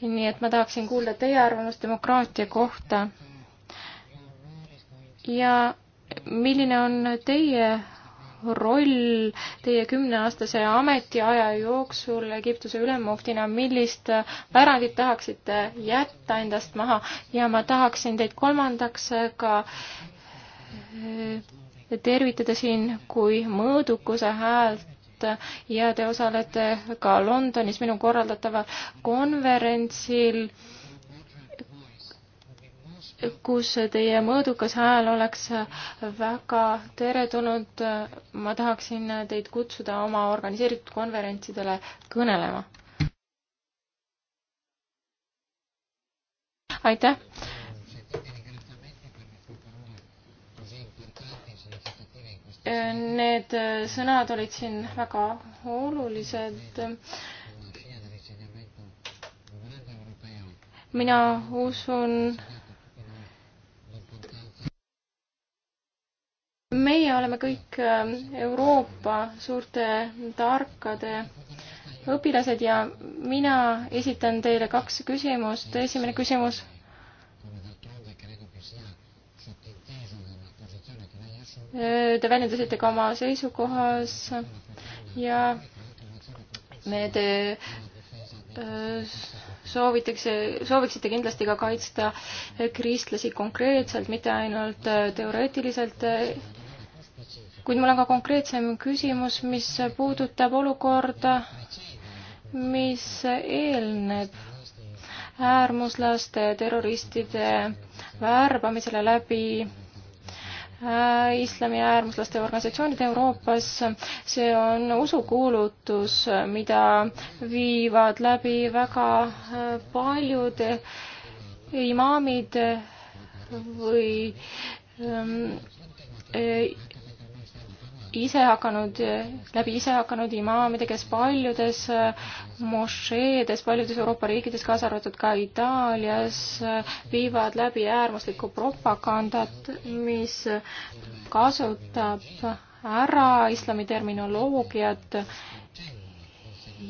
nii et ma tahaksin kuulda teie arvamust demokraatia kohta. ja milline on teie roll teie kümneaastase ametiaja jooksul Egiptuse ülemmuhtina, millist pärandit tahaksite jätta endast maha ja ma tahaksin teid kolmandaks ka eh, tervitada siin kui mõõdukuse häält ja te osalete ka Londonis minu korraldataval konverentsil, kus teie mõõdukas hääl oleks väga teretulnud. ma tahaksin teid kutsuda oma organiseeritud konverentsidele kõnelema. aitäh Need äh, sõnad olid siin väga olulised. mina usun, meie oleme kõik äh, Euroopa suurte tarkade õpilased ja mina esitan teile kaks küsimust. esimene küsimus Te väljendasite ka oma seisukohas ja me te äh, soovitakse, sooviksite kindlasti ka kaitsta kristlasi konkreetselt, mitte ainult äh, teoreetiliselt. kuid mul on ka konkreetsem küsimus, mis puudutab olukorda, mis eelneb äärmuslaste terroristide värbamisele läbi Äh, islami äärmuslaste organisatsioonid Euroopas. see on usukuulutus, mida viivad läbi väga äh, paljud äh, imaamid või ähm, ise hakanud, läbi ise hakanud imaamide, kes paljudes äh, mošeedes, paljudes Euroopa riikides, kaasa arvatud ka Itaalias, äh, viivad läbi äärmuslikku propagandat, mis kasutab ära islami terminoloogiat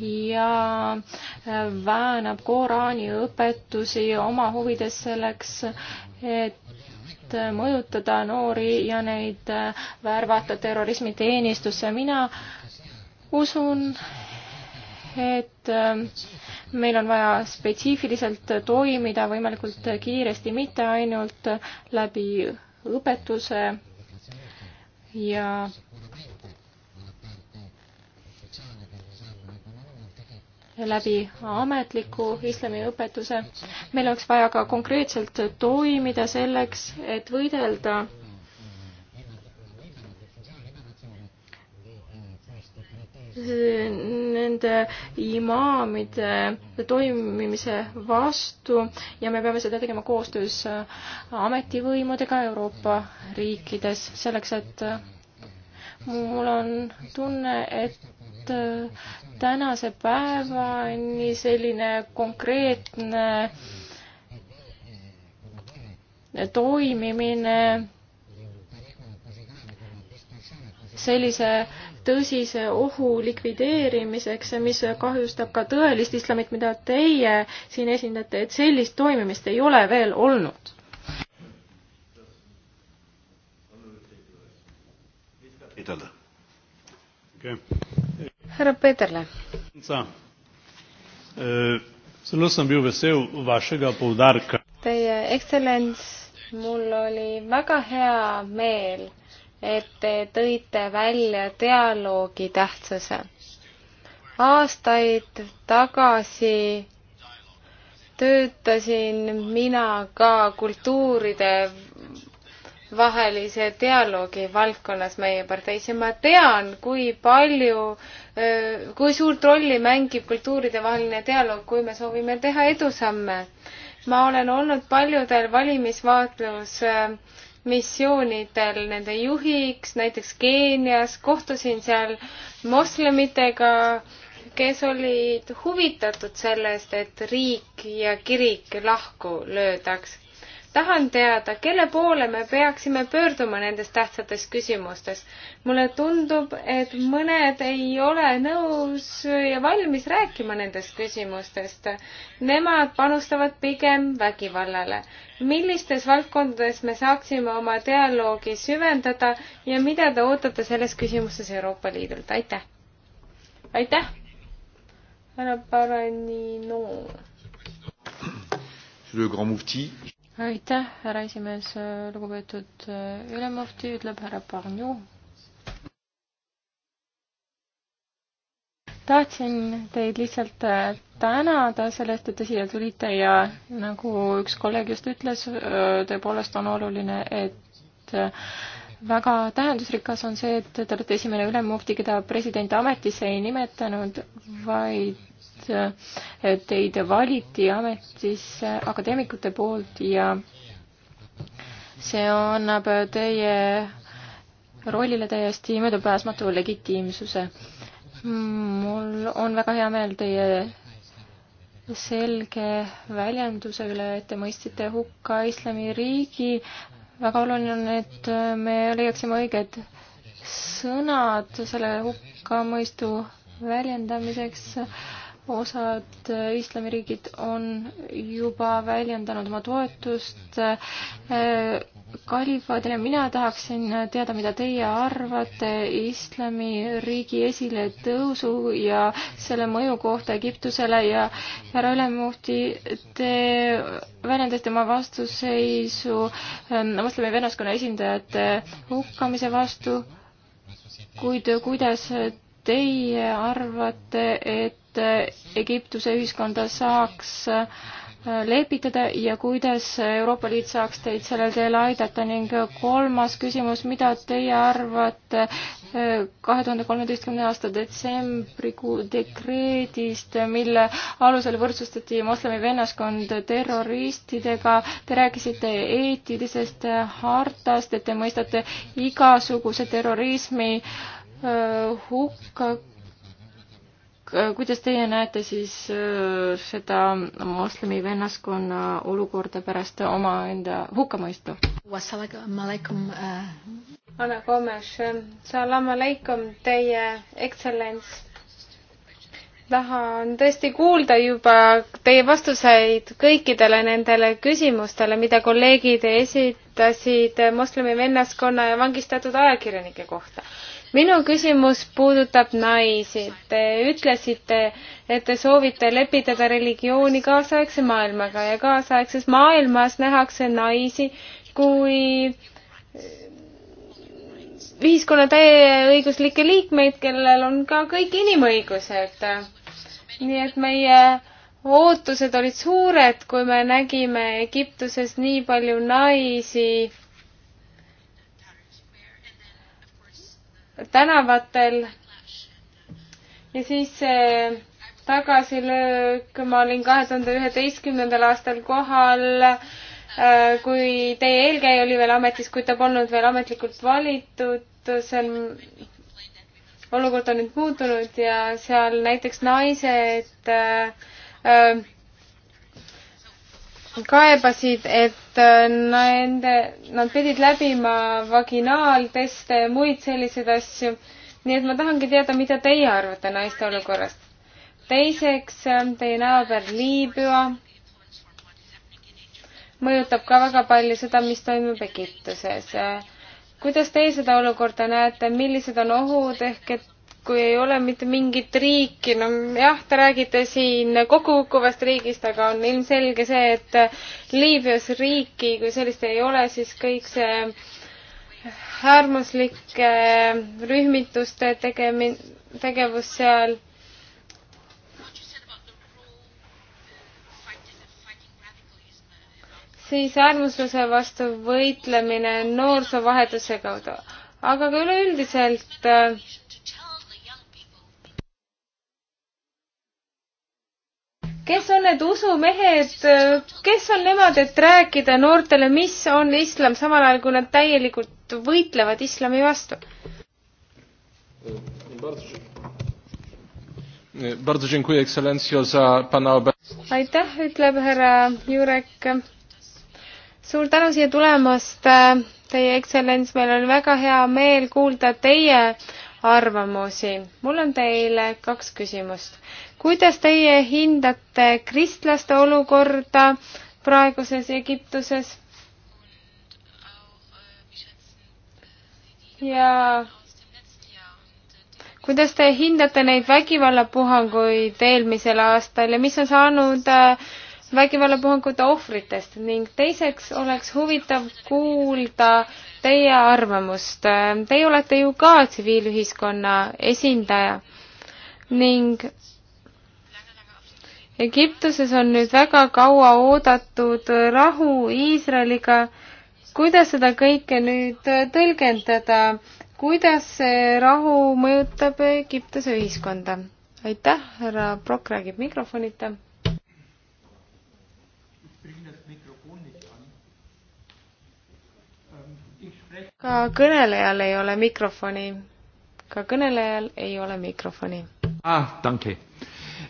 ja äh, väänab Koraani õpetusi oma huvides selleks, et et mõjutada noori ja neid värvata terrorismiteenistusse. mina usun, et meil on vaja spetsiifiliselt toimida võimalikult kiiresti, mitte ainult läbi õpetuse ja läbi ametliku islamiõpetuse. meil oleks vaja ka konkreetselt toimida selleks, et võidelda nende imaamide toimimise vastu ja me peame seda tegema koostöös ametivõimudega Euroopa riikides, selleks et mul on tunne, et jõudnud äh, tänase päevani selline konkreetne toimimine sellise tõsise ohu likvideerimiseks, mis kahjustab ka tõelist islamit, mida teie siin esindate, et sellist toimimist ei ole veel olnud okay härra Peterle. zelo sem bil vesel vašega poudarka. Teie ekstsellents, mul oli väga hea meel, et te tõite välja dialoogi tähtsuse. aastaid tagasi töötasin mina ka kultuuride vahelise dialoogi valdkonnas meie parteis ja ma tean, kui palju, kui suurt rolli mängib kultuuridevaheline dialoog, kui me soovime teha edusamme. ma olen olnud paljudel valimisvaatlusmissioonidel nende juhiks, näiteks Keenias, kohtusin seal moslemitega, kes olid huvitatud sellest, et riik ja kirik lahku löödaks tahan teada, kelle poole me peaksime pöörduma nendes tähtsates küsimustes. mulle tundub, et mõned ei ole nõus ja valmis rääkima nendest küsimustest. Nemad panustavad pigem vägivallale. millistes valdkondades me saaksime oma dialoogi süvendada ja mida te ootate selles küsimuses Euroopa Liidult? aitäh! aitäh! härra Baranino. Le grand moufti aitäh, härra esimees, lugupeetud äh, ülemufti, ütleb härra Parnju. tahtsin teid lihtsalt äh, tänada selle eest, et te siia tulite ja nagu üks kolleeg just ütles, äh, tõepoolest on oluline, et väga tähendusrikas on see, et te olete esimene ülemmufti, keda president ametisse ei nimetanud, vaid eh, teid valiti ametisse akadeemikute poolt ja see annab teie rollile täiesti möödapääsmatu legitiimsuse. mul on väga hea meel teie selge väljenduse üle, et te mõistsite hukka islamiriigi väga oluline on, et me leiaksime õiged sõnad selle hukkamõistu väljendamiseks. osad islamiriigid on juba väljendanud oma toetust kalifaadile, mina tahaksin teada, mida teie arvate islamiriigi esiletõusu ja selle mõju kohta Egiptusele ja härra ülemuhti, te väljendasite oma vastuseisu ähm, moslemi vennaskonna esindajate hukkamise vastu, kuid kuidas teie arvate, et Egiptuse ühiskonda saaks äh, lepitada ja kuidas Euroopa Liit saaks teid sellel teel aidata ning kolmas küsimus, mida teie arvate eh, kahe tuhande kolmeteistkümne aasta detsembrikuu dekreedist, mille alusel võrdsustati moslemi vennaskond terroristidega. Te rääkisite eetilisest hartast, et te mõistate igasuguse terrorismi eh, hukka Äh, kuidas teie näete siis äh, seda moslemi vennaskonna olukorda pärast omaenda hukkamõistu? Äh. Anna Gomes, salam aleikum, teie ekstsellents. tahan tõesti kuulda juba teie vastuseid kõikidele nendele küsimustele, mida kolleegid esitasid moslemi vennaskonna ja vangistatud ajakirjanike kohta minu küsimus puudutab naisi. Te ütlesite, et te soovite lepitada religiooni kaasaegse maailmaga ja kaasaegses maailmas nähakse naisi kui eh, ühiskonna täieõiguslikke liikmeid, kellel on ka kõik inimõigused. nii et meie ootused olid suured, kui me nägime Egiptuses nii palju naisi tänavatel. ja siis see tagasilöök, ma olin kahe tuhande üheteistkümnendal aastal kohal, äh, kui teie eelkäija oli veel ametis, kuid ta polnud veel ametlikult valitud, see on, olukord on nüüd muutunud ja seal näiteks naised äh, äh, kaebasid, et äh, nende, nad pidid läbima vaginaalteste ja muid selliseid asju. nii et ma tahangi teada, mida teie arvate naiste olukorrast. teiseks, äh, teie naaber Liibüa mõjutab ka väga palju seda, mis toimub Egiptuses. Äh, kuidas teie seda olukorda näete, millised on ohud ehk et kui ei ole mitte mingit riiki, no jah, te räägite siin kokkukukkuvast riigist, aga on ilmselge see, et Liibüas riiki kui sellist ei ole, siis kõik see äärmuslike rühmituste tegemi-, tegevus seal siis äärmusluse vastu võitlemine noorsoovahetuse kaudu, aga ka üleüldiselt äh, kes on need usumehed, kes on nemad, et rääkida noortele, mis on islam, samal ajal kui nad täielikult võitlevad islami vastu? aitäh, ütleb härra Jurek. suur tänu siia tulemast, teie ekstsellents, meil on väga hea meel kuulda teie arvamusi. mul on teile kaks küsimust kuidas teie hindate kristlaste olukorda praeguses Egiptuses? ja kuidas te hindate neid vägivallapuhanguid eelmisel aastal ja mis on saanud äh, vägivallapuhangute ohvritest ning teiseks oleks huvitav kuulda teie arvamust. Äh, teie olete ju ka tsiviilühiskonna esindaja ning Egiptuses on nüüd väga kaua oodatud rahu Iisraeliga. kuidas seda kõike nüüd tõlgendada, kuidas see rahu mõjutab Egiptuse ühiskonda? aitäh, härra Prokk räägib mikrofonita ka kõnelejal ei ole mikrofoni. ka kõnelejal ei ole mikrofoni. ah, danke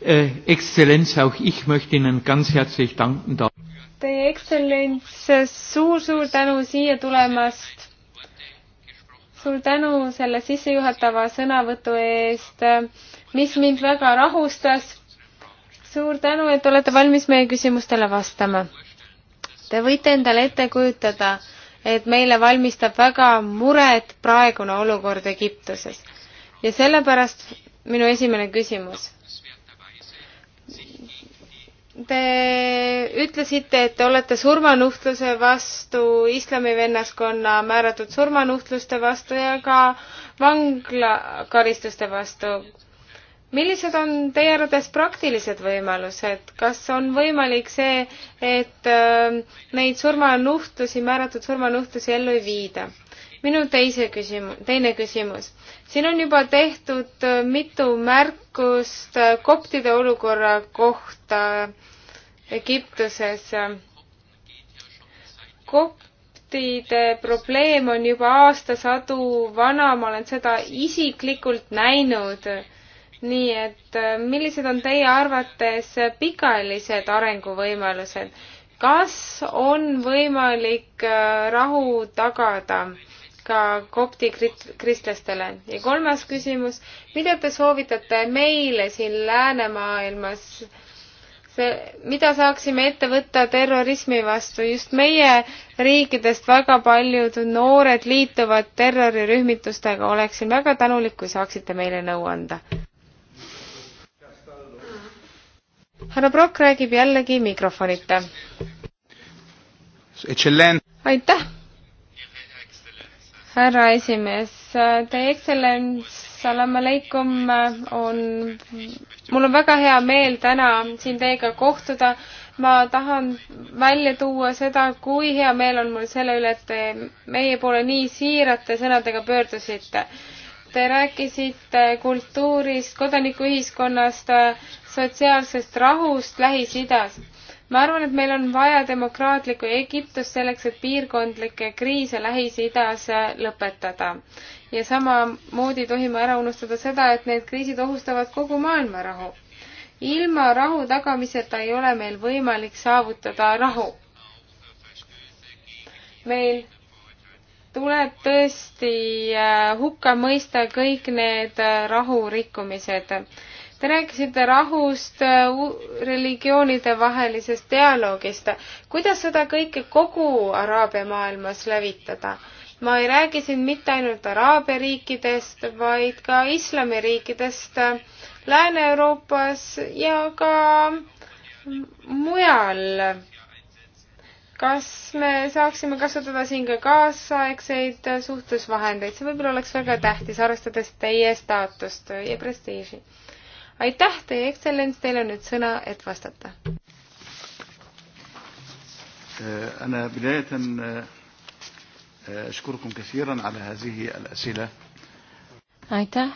äh, Exzellenz, auch ich möchte Ihnen ganz herzlich danken. Teie Exzellenz suur,, suur-suur tänu siia tulemast. suur tänu selle sissejuhatava sõnavõtu eest, mis mind väga rahustas. suur tänu, et olete valmis meie küsimustele vastama. Te võite endale ette kujutada, et meile valmistab väga muret praegune olukord Egiptuses ja sellepärast minu esimene küsimus Te ütlesite, et te olete surmanuhtluse vastu, islami vennaskonna määratud surmanuhtluste vastu ja ka vanglakaristuste vastu. millised on teie arvates praktilised võimalused, kas on võimalik see, et äh, neid surmanuhtlusi, määratud surmanuhtlusi ellu ei viida? minu teise küsimus, teine küsimus siin on juba tehtud äh, mitu märkust äh, koptide olukorra kohta Egiptuses. koptide probleem on juba aastasadu vana, ma olen seda isiklikult näinud. nii et äh, millised on teie arvates pikaajalised arenguvõimalused? kas on võimalik rahu tagada? ka kopti kristlastele. ja kolmas küsimus, mida te soovitate meile siin läänemaailmas, see, mida saaksime ette võtta terrorismi vastu, just meie riikidest väga paljud noored liituvad terrorirühmitustega, oleksin väga tänulik, kui saaksite meile nõu anda. härra Prokk räägib jällegi mikrofonita. aitäh härra esimees, Teie Excellents Salama Leikum on, mul on väga hea meel täna siin teiega kohtuda. ma tahan välja tuua seda, kui hea meel on mul selle üle, et te meie poole nii siirate sõnadega pöördusite. Te rääkisite kultuurist, kodanikuühiskonnast, sotsiaalsest rahust Lähis-Idas ma arvan, et meil on vaja demokraatlikku Egiptust selleks, et piirkondlikke kriise Lähis-Idas lõpetada. ja samamoodi tohime ära unustada seda, et need kriisid ohustavad kogu maailma rahu. ilma rahu tagamiseta ei ole meil võimalik saavutada rahu. meil tuleb tõesti äh, hukka mõista kõik need äh, rahurikkumised Te rääkisite rahust, äh, religioonide vahelisest dialoogist. kuidas seda kõike kogu Araabia maailmas levitada? ma ei räägi siin mitte ainult Araabia riikidest, vaid ka islamiriikidest äh, Lääne-Euroopas ja ka mujal. kas me saaksime kasutada siin ka kaasaegseid äh, suhtlusvahendeid, see võib-olla oleks väga tähtis, arvestades teie staatust ja prestiiži? aitäh, teie ekstsellents, teil on nüüd sõna, et vastata. Eh, أنا بداية eh, eh, أشكركم كثيرا على هذه الأسئلة aitäh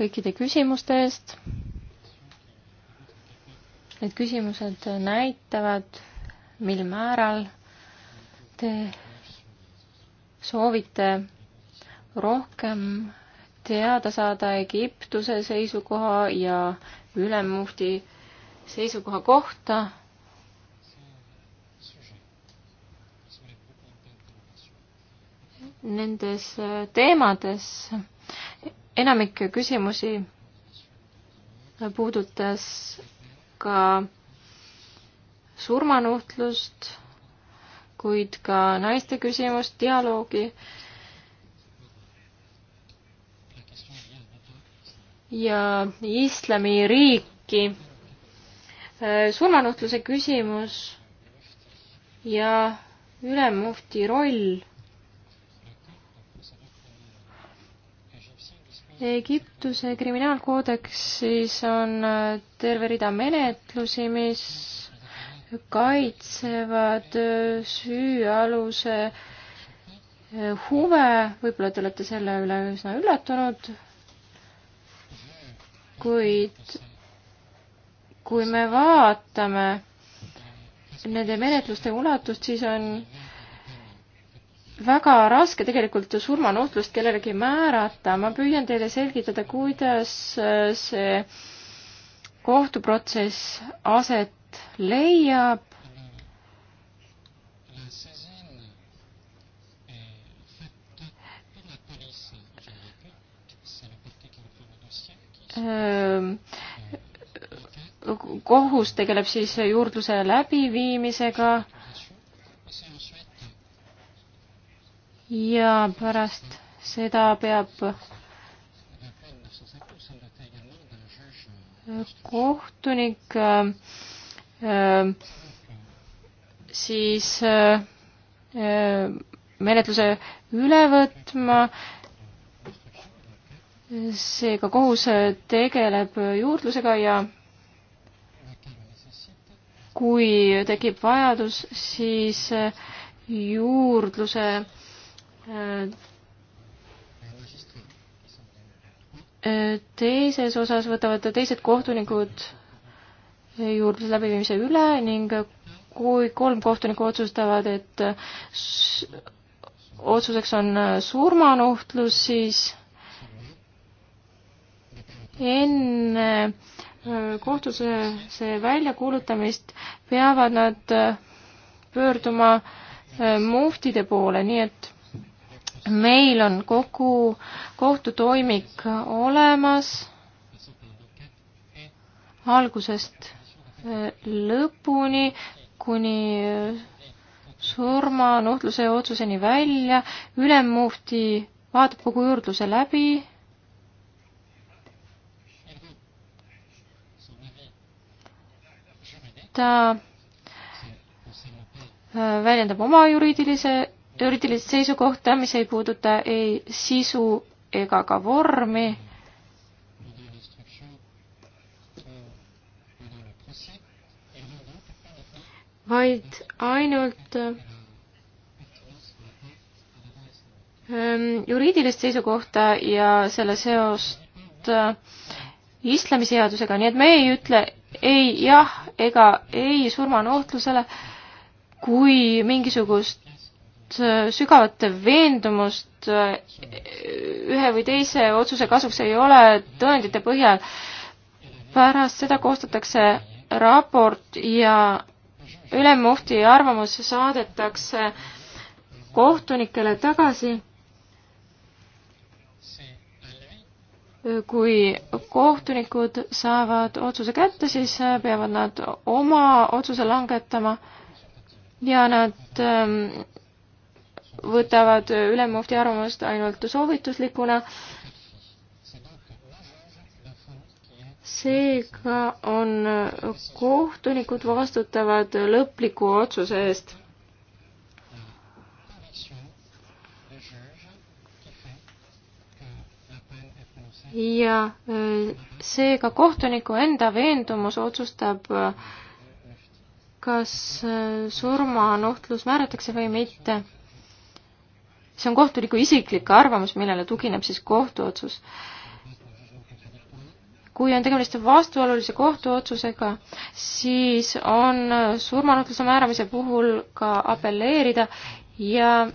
kõikide küsimuste eest. Need küsimused näitavad, mil määral te soovite rohkem teada saada Egiptuse seisukoha ja ülemmuhti seisukoha kohta. Nendes äh, teemades enamik küsimusi puudutas ka surmanuhtlust, kuid ka naiste küsimust, dialoogi äh, ja islamiriiki. Äh, surmanuhtluse küsimus ja ülemmuhti roll. Egiptuse kriminaalkoodeksis on äh, terve rida menetlusi, mis kaitsevad äh, süüaluse huve, võib-olla te olete selle üle üsna üllatunud kuid kui me vaatame nende menetluste ulatust, siis on väga raske tegelikult surmanuhtlust kellelegi määrata. ma püüan teile selgitada, kuidas see kohtuprotsess aset leiab kohus tegeleb siis juurdluse läbiviimisega ja pärast seda peab kohtunik siis menetluse üle võtma seega kohus tegeleb juurdlusega ja kui tekib vajadus, siis juurdluse äh, teises osas võtavad teised kohtunikud juurdluse läbiviimise üle ning kui kolm kohtunikku otsustavad, et otsuseks on surmanuhtlus, siis enne äh, kohtusse väljakuulutamist peavad nad äh, pöörduma äh, muftide poole, nii et meil on kogu kohtutoimik olemas algusest lõpuni kuni surmanuhtluse otsuseni välja. ülemmuufti vaatab kogu juurdluse läbi ta äh, väljendab oma juriidilise, juriidilist seisukohta, mis ei puuduta ei sisu ega ka vormi. vaid ainult ähm, juriidilist seisukohta ja selle seost äh, islamiseadusega, nii et me ei ütle ei jah ega ei surmanuhtlusele, kui mingisugust äh, sügavat veendumust äh, ühe või teise otsuse kasuks ei ole tõendite põhjal. pärast seda koostatakse raport ja ülemuhti arvamus saadetakse kohtunikele tagasi kui kohtunikud saavad otsuse kätte, siis äh, peavad nad oma otsuse langetama ja nad ähm, võtavad ülemufti arvamust ainult soovituslikuna. seega on kohtunikud vastutavad lõpliku otsuse eest ja äh, seega kohtuniku enda veendumus otsustab, äh, kas äh, surmanuhtlus määratakse või mitte. see on kohtuniku isiklik arvamus, millele tugineb siis kohtuotsus. kui on tegemist vastuolulise kohtuotsusega, siis on surmanuhtluse määramise puhul ka apelleerida ja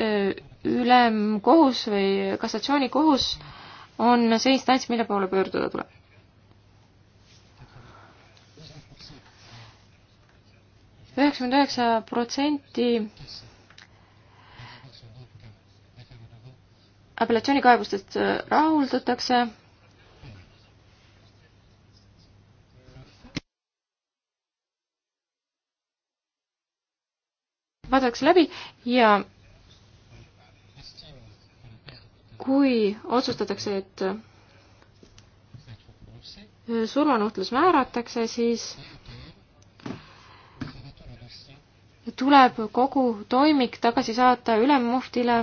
öö, ülemkohus või kassatsioonikohus on see instants, mille poole pöörduda tuleb. üheksakümmend üheksa protsenti apellatsioonikaebustest rahuldatakse vaadatakse läbi ja kui otsustatakse, et surmanuhtlus määratakse, siis tuleb kogu toimik tagasi saata ülemmuhtile.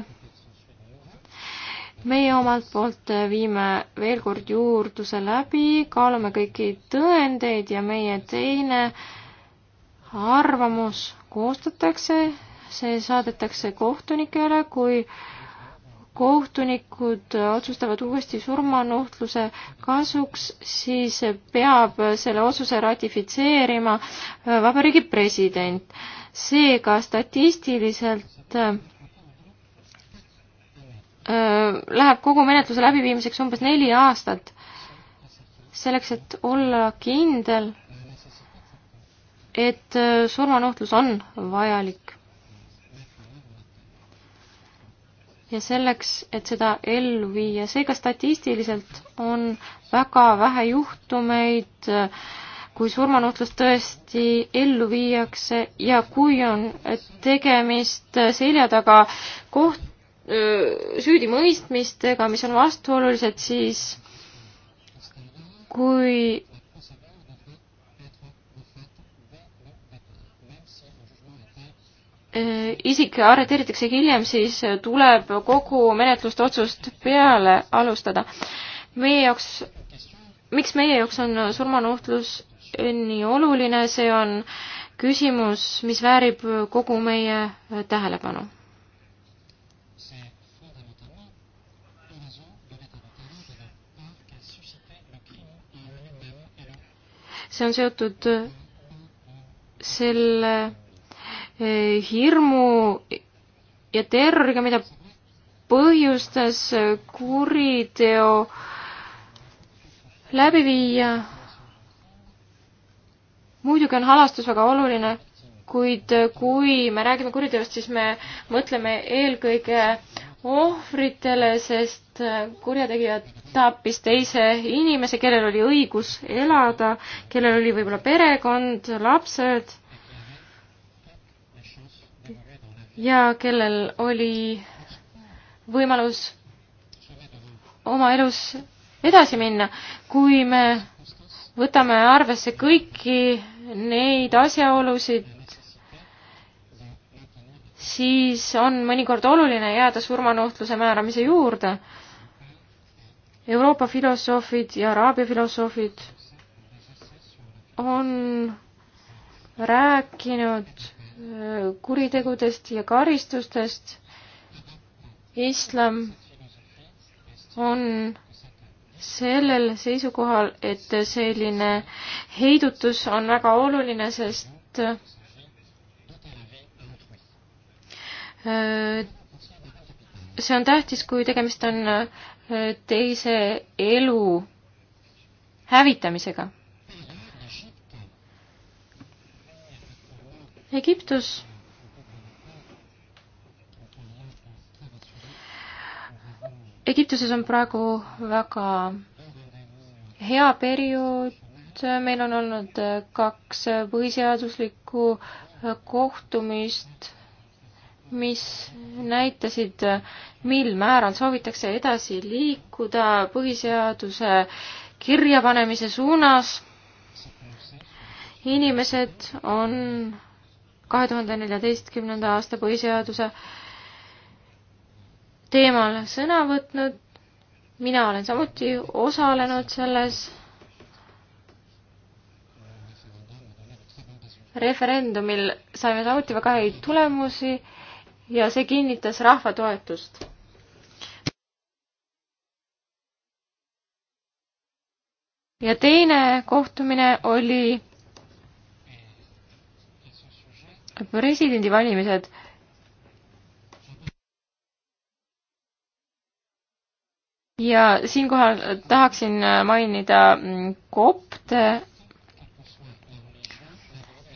meie omalt poolt viime veel kord juurdluse läbi, kaalume kõiki tõendeid ja meie teine arvamus koostatakse, see saadetakse kohtunikele, kui äh, kohtunikud otsustavad uuesti surmanuhtluse kasuks, siis peab selle otsuse ratifitseerima Vabariigi President. seega statistiliselt äh, läheb kogu menetluse läbiviimiseks umbes neli aastat. selleks, et olla kindel, et äh, surmanuhtlus on vajalik ja selleks, et seda ellu viia, seega statistiliselt on väga vähe juhtumeid, kui surmanuhtlus tõesti ellu viiakse ja kui on tegemist selja taga koht, süüdimõistmistega, mis on vastuolulised, siis kui isik arreteeritakse hiljem, siis tuleb kogu menetlust otsust peale alustada. meie jaoks, miks meie jaoks on surmanuhtlus nii oluline, see on küsimus, mis väärib kogu meie tähelepanu. see on seotud selle Eh, hirmu ja terroriga, mida põhjustas kuriteo läbiviija. muidugi on halastus väga oluline, kuid kui me räägime kuriteost, siis me mõtleme eelkõige ohvritele, sest kurjategija tappis teise inimese, kellel oli õigus elada, kellel oli võib-olla perekond, lapsed ja kellel oli võimalus oma elus edasi minna, kui me võtame arvesse kõiki neid asjaolusid, siis on mõnikord oluline jääda surmanuhtluse määramise juurde. Euroopa filosoofid ja araabia filosoofid on rääkinud kuritegudest ja karistustest. islam on sellel seisukohal, et selline heidutus on väga oluline, sest äh, see on tähtis, kui tegemist on äh, teise elu hävitamisega Egiptus Egiptuses on praegu väga hea periood, meil on olnud kaks põhiseaduslikku kohtumist, mis näitasid, mil määral soovitakse edasi liikuda põhiseaduse kirjapanemise suunas. inimesed on kahe tuhande neljateistkümnenda aasta põhiseaduse teemal sõna võtnud. mina olen samuti osalenud selles referendumil saime samuti väga häid tulemusi ja see kinnitas rahva toetust. ja teine kohtumine oli presidendivalimised ja siinkohal tahaksin mainida mm, kopte.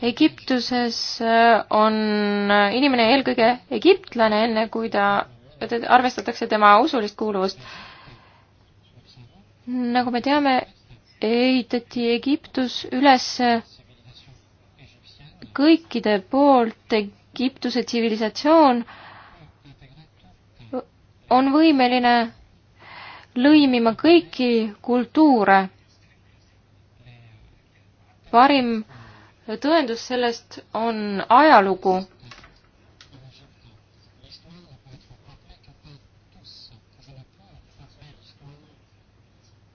Egiptuses äh, on inimene eelkõige egiptlane, enne kui ta, arvestatakse tema usulist kuuluvust. nagu me teame, ehitati Egiptus üles kõikide poolt Egiptuse tsivilisatsioon on võimeline lõimima kõiki kultuure. parim tõendus sellest on ajalugu.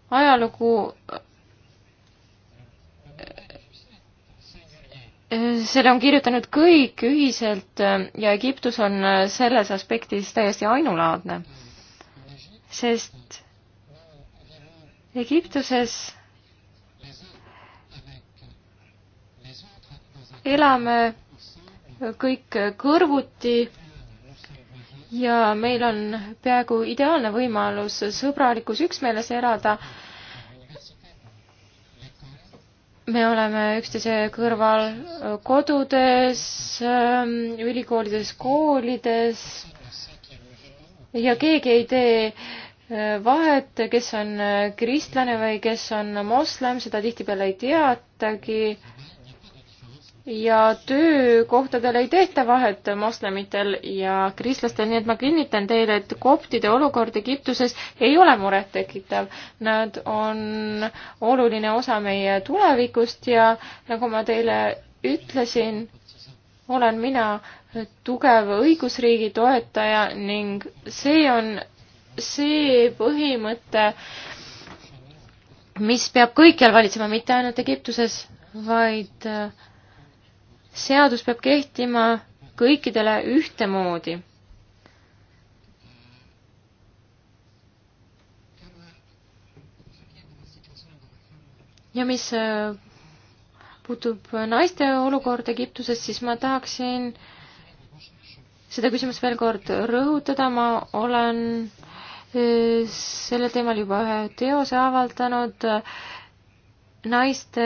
ajalugu selle on kirjutanud kõik ühiselt ja Egiptus on selles aspektis täiesti ainulaadne, sest Egiptuses elame kõik kõrvuti ja meil on peaaegu ideaalne võimalus sõbralikus üksmeeles elada äh, me oleme üksteise kõrval äh, kodudes, ähm, ülikoolides, koolides ja keegi ei tee äh, vahet, kes on äh, kristlane või kes on moslem, seda tihtipeale ei teatagi ja töökohtadel ei tehta vahet moslemitel ja kristlastel, nii et ma kinnitan teile, et koptide olukord Egiptuses ei ole murettekitav. Nad on oluline osa meie tulevikust ja nagu ma teile ütlesin, olen mina tugev õigusriigi toetaja ning see on see põhimõte, mis peab kõikjal valitsema, mitte ainult Egiptuses, vaid äh, seadus peab kehtima kõikidele ühtemoodi. ja mis äh, puutub naiste olukorda Egiptuses, siis ma tahaksin seda küsimust veel kord rõhutada, ma olen äh, sellel teemal juba ühe teose avaldanud naiste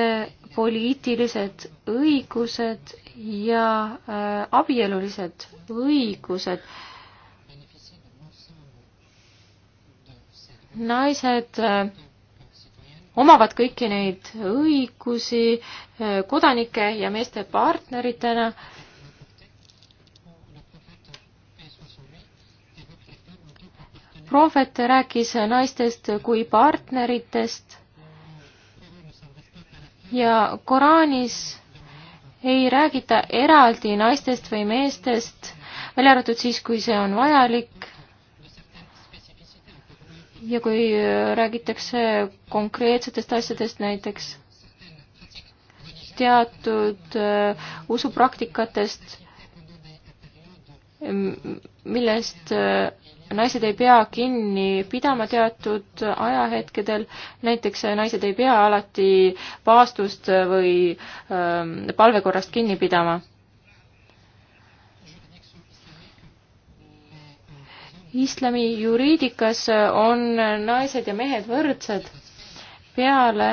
poliitilised õigused ja äh, abielulised õigused. naised äh, omavad kõiki neid õigusi äh, kodanike ja meeste partneritena prohvet rääkis naistest kui partneritest ja Koraanis ei räägita eraldi naistest või meestest, välja arvatud siis, kui see on vajalik. ja kui räägitakse konkreetsetest asjadest, näiteks teatud äh, usupraktikatest, millest äh, naised ei pea kinni pidama teatud ajahetkedel, näiteks naised ei pea alati paastust või ähm, palvekorrast kinni pidama. islami juriidikas on naised ja mehed võrdsed peale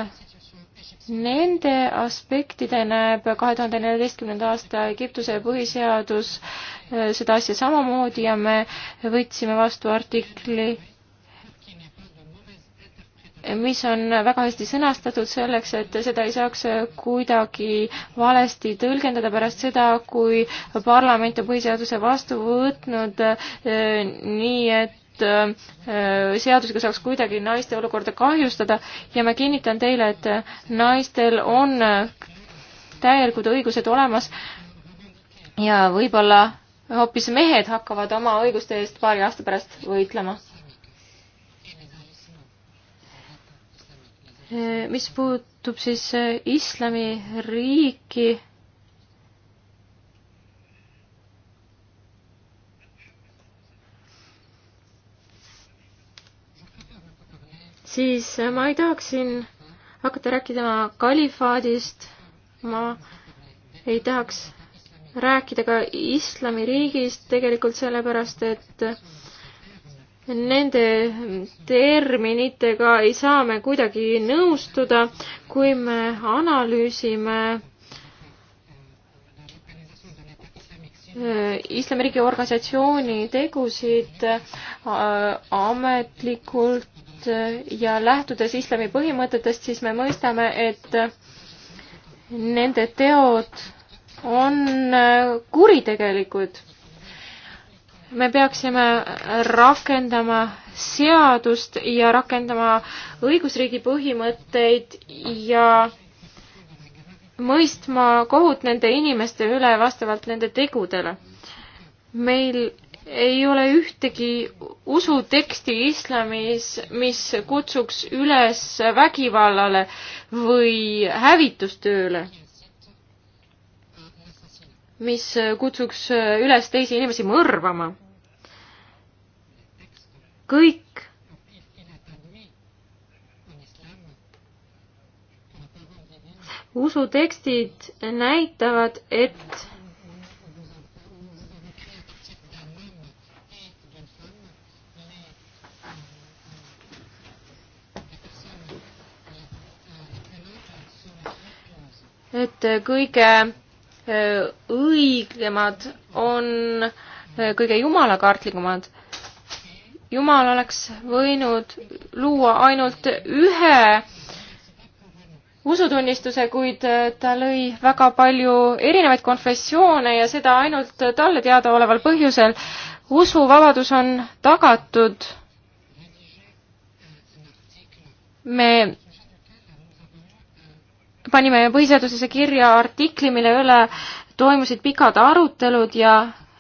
Nende aspektide näeb kahe tuhande neljateistkümnenda aasta Egiptuse põhiseadus äh, seda asja samamoodi ja me võtsime vastu artikli, mis on väga hästi sõnastatud selleks, et seda ei saaks kuidagi valesti tõlgendada pärast seda, kui parlament on põhiseaduse vastu võtnud, äh, nii et Äh, seadusega saaks kuidagi naiste olukorda kahjustada ja ma kinnitan teile, et äh, naistel on äh, täielikud õigused olemas ja võib-olla hoopis mehed hakkavad oma õiguste eest paari aasta pärast võitlema. mis puutub siis islamiriiki, siis ma ei tahaks siin hakata rääkima kalifaadist, ma ei tahaks rääkida ka islamiriigist tegelikult sellepärast, et nende terminitega ei saa me kuidagi nõustuda, kui me analüüsime äh, islamiriigi organisatsiooni tegusid äh, ametlikult Äh, ja lähtudes islami põhimõtetest, siis me mõistame, et nende teod on äh, kuritegelikud. me peaksime rakendama seadust ja rakendama õigusriigi põhimõtteid ja mõistma kohut nende inimeste üle vastavalt nende tegudele. meil ei ole ühtegi usuteksti islamis, mis kutsuks üles vägivallale või hävitustööle, mis kutsuks üles teisi inimesi mõrvama. kõik usutekstid näitavad, et et kõige äh, õigemad on äh, kõige jumalakartlikumad. jumal oleks võinud luua ainult ühe usutunnistuse, kuid äh, ta lõi väga palju erinevaid konfessioone ja seda ainult talle teadaoleval põhjusel. usuvabadus on tagatud. me panime põhiseadusesse kirja artikli, mille üle toimusid pikad arutelud ja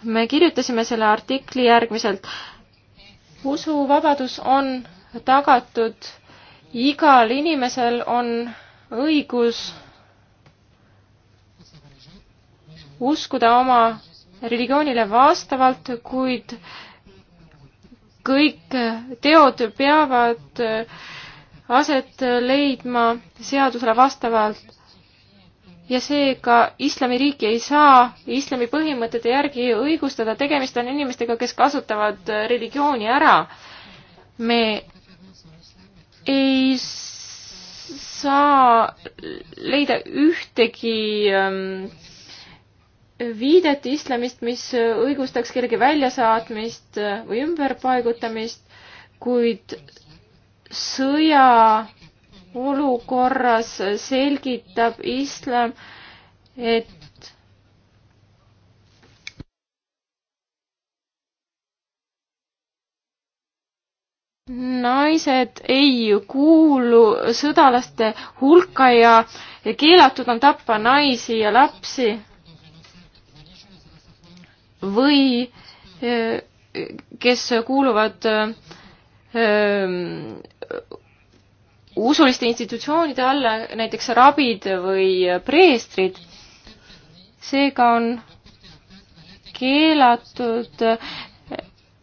me kirjutasime selle artikli järgmiselt. usuvabadus on tagatud, igal inimesel on õigus uskuda oma religioonile vastavalt, kuid kõik teod peavad äh, aset leidma seadusele vastavalt ja seega islamiriiki ei saa islami põhimõtete järgi õigustada, tegemist on inimestega, kes kasutavad religiooni ära. me ei saa leida ühtegi ähm, viidet islamist, mis õigustaks kellegi väljasaatmist või ümberpaigutamist, kuid sõja olukorras selgitab islam, et naised ei kuulu sõdalaste hulka ja keelatud on tappa naisi ja lapsi või eh, kes kuuluvad äh, usuliste institutsioonide alla, näiteks rabid või preestrid. seega on keelatud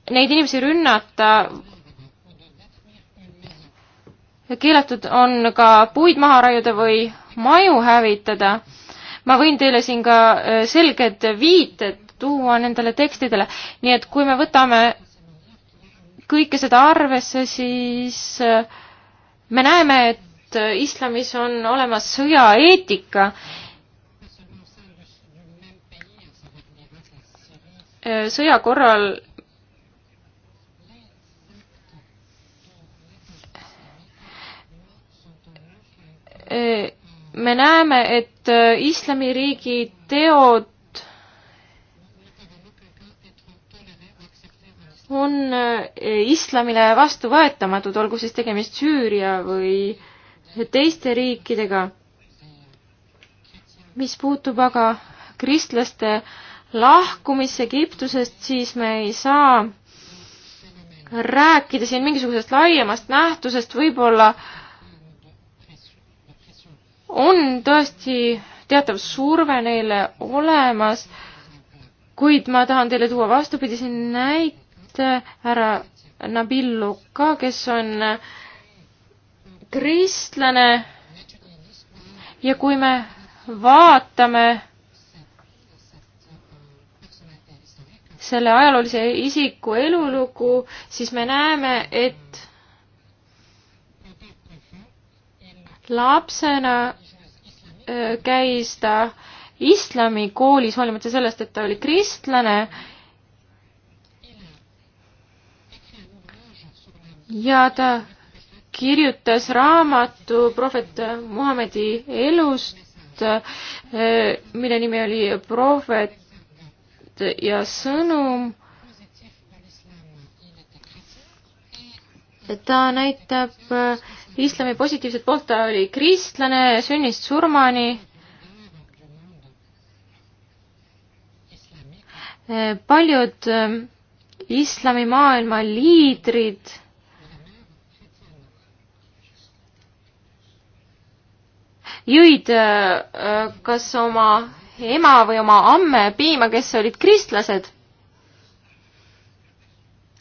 neid inimesi rünnata. keelatud on ka puid maha raiuda või maju hävitada. ma võin teile siin ka selged viited tuua nendele tekstidele, nii et kui me võtame kõike seda arvesse, siis äh, me näeme, et äh, islamis on olemas sõjaeetika. Äh, sõja korral me näeme, et islamiriigi teod on äh, islamile vastuvõetamatud, olgu siis tegemist Süüria või teiste riikidega. mis puutub aga kristlaste lahkumisse Egiptusest, siis me ei saa rääkida siin mingisugusest laiemast nähtusest, võib-olla on tõesti teatav surve neile olemas, kuid ma tahan teile tuua vastupidise näite et äh, härra Nabil Luka, kes on äh, kristlane ja kui me vaatame selle ajaloolise isiku elulugu, siis me näeme, et lapsena äh, käis ta islamikoolis, hoolimata sellest, et ta oli kristlane ja ta kirjutas raamatu prohvet Muhamedi elust, eh, mille nimi oli Prohvet ja sõnum. ta näitab eh, islami positiivset poolt, ta oli kristlane sünnist surmani. Eh, paljud islamimaailma liidrid jõid äh, äh, kas oma ema või oma amme piima, kes olid kristlased.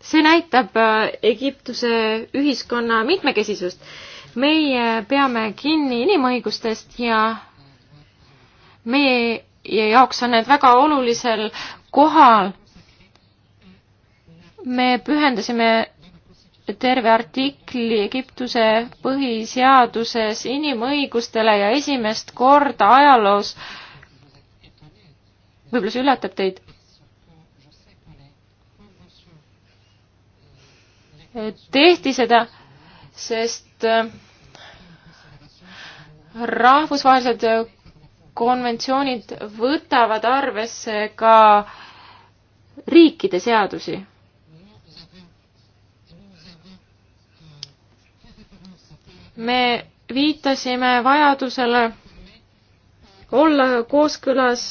see näitab äh, Egiptuse ühiskonna mitmekesisust. meie peame kinni inimõigustest ja meie jaoks on need väga olulisel kohal. me pühendasime terve artikli Egiptuse põhiseaduses inimõigustele ja esimest korda ajaloos, võib-olla see üllatab teid, tehti seda, sest äh, rahvusvahelised konventsioonid võtavad arvesse ka riikide seadusi me viitasime vajadusele olla kooskõlas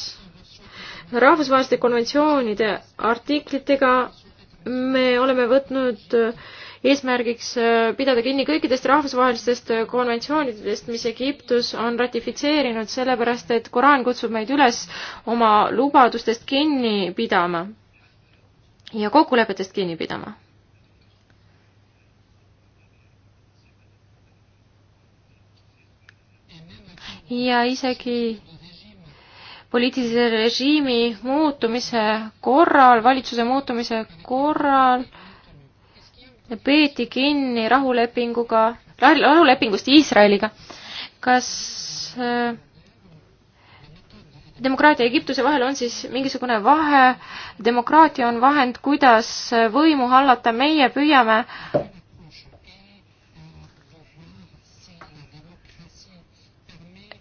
rahvusvaheliste konventsioonide artiklitega. me oleme võtnud eesmärgiks pidada kinni kõikidest rahvusvahelistest konventsioonidest, mis Egiptus on ratifitseerinud, sellepärast et Koraan kutsub meid üles oma lubadustest kinni pidama ja kokkulepetest kinni pidama ja isegi poliitilise režiimi muutumise korral, valitsuse muutumise korral peeti kinni rahulepinguga, rahulepingust Iisraeliga. kas äh, demokraatia Egiptuse vahel on siis mingisugune vahe, demokraatia on vahend, kuidas võimu hallata, meie püüame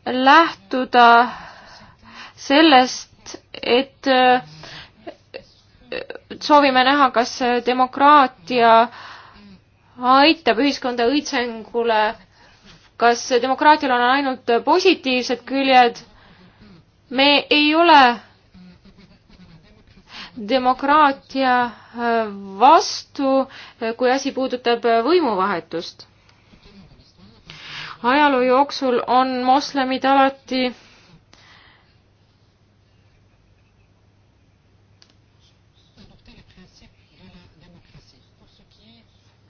lähtuda sellest, et äh, soovime näha, kas demokraatia aitab ühiskonda õitsengule, kas demokraatial on ainult positiivsed küljed. me ei ole demokraatia äh, vastu, kui asi puudutab võimuvahetust ajaloo jooksul on moslemid alati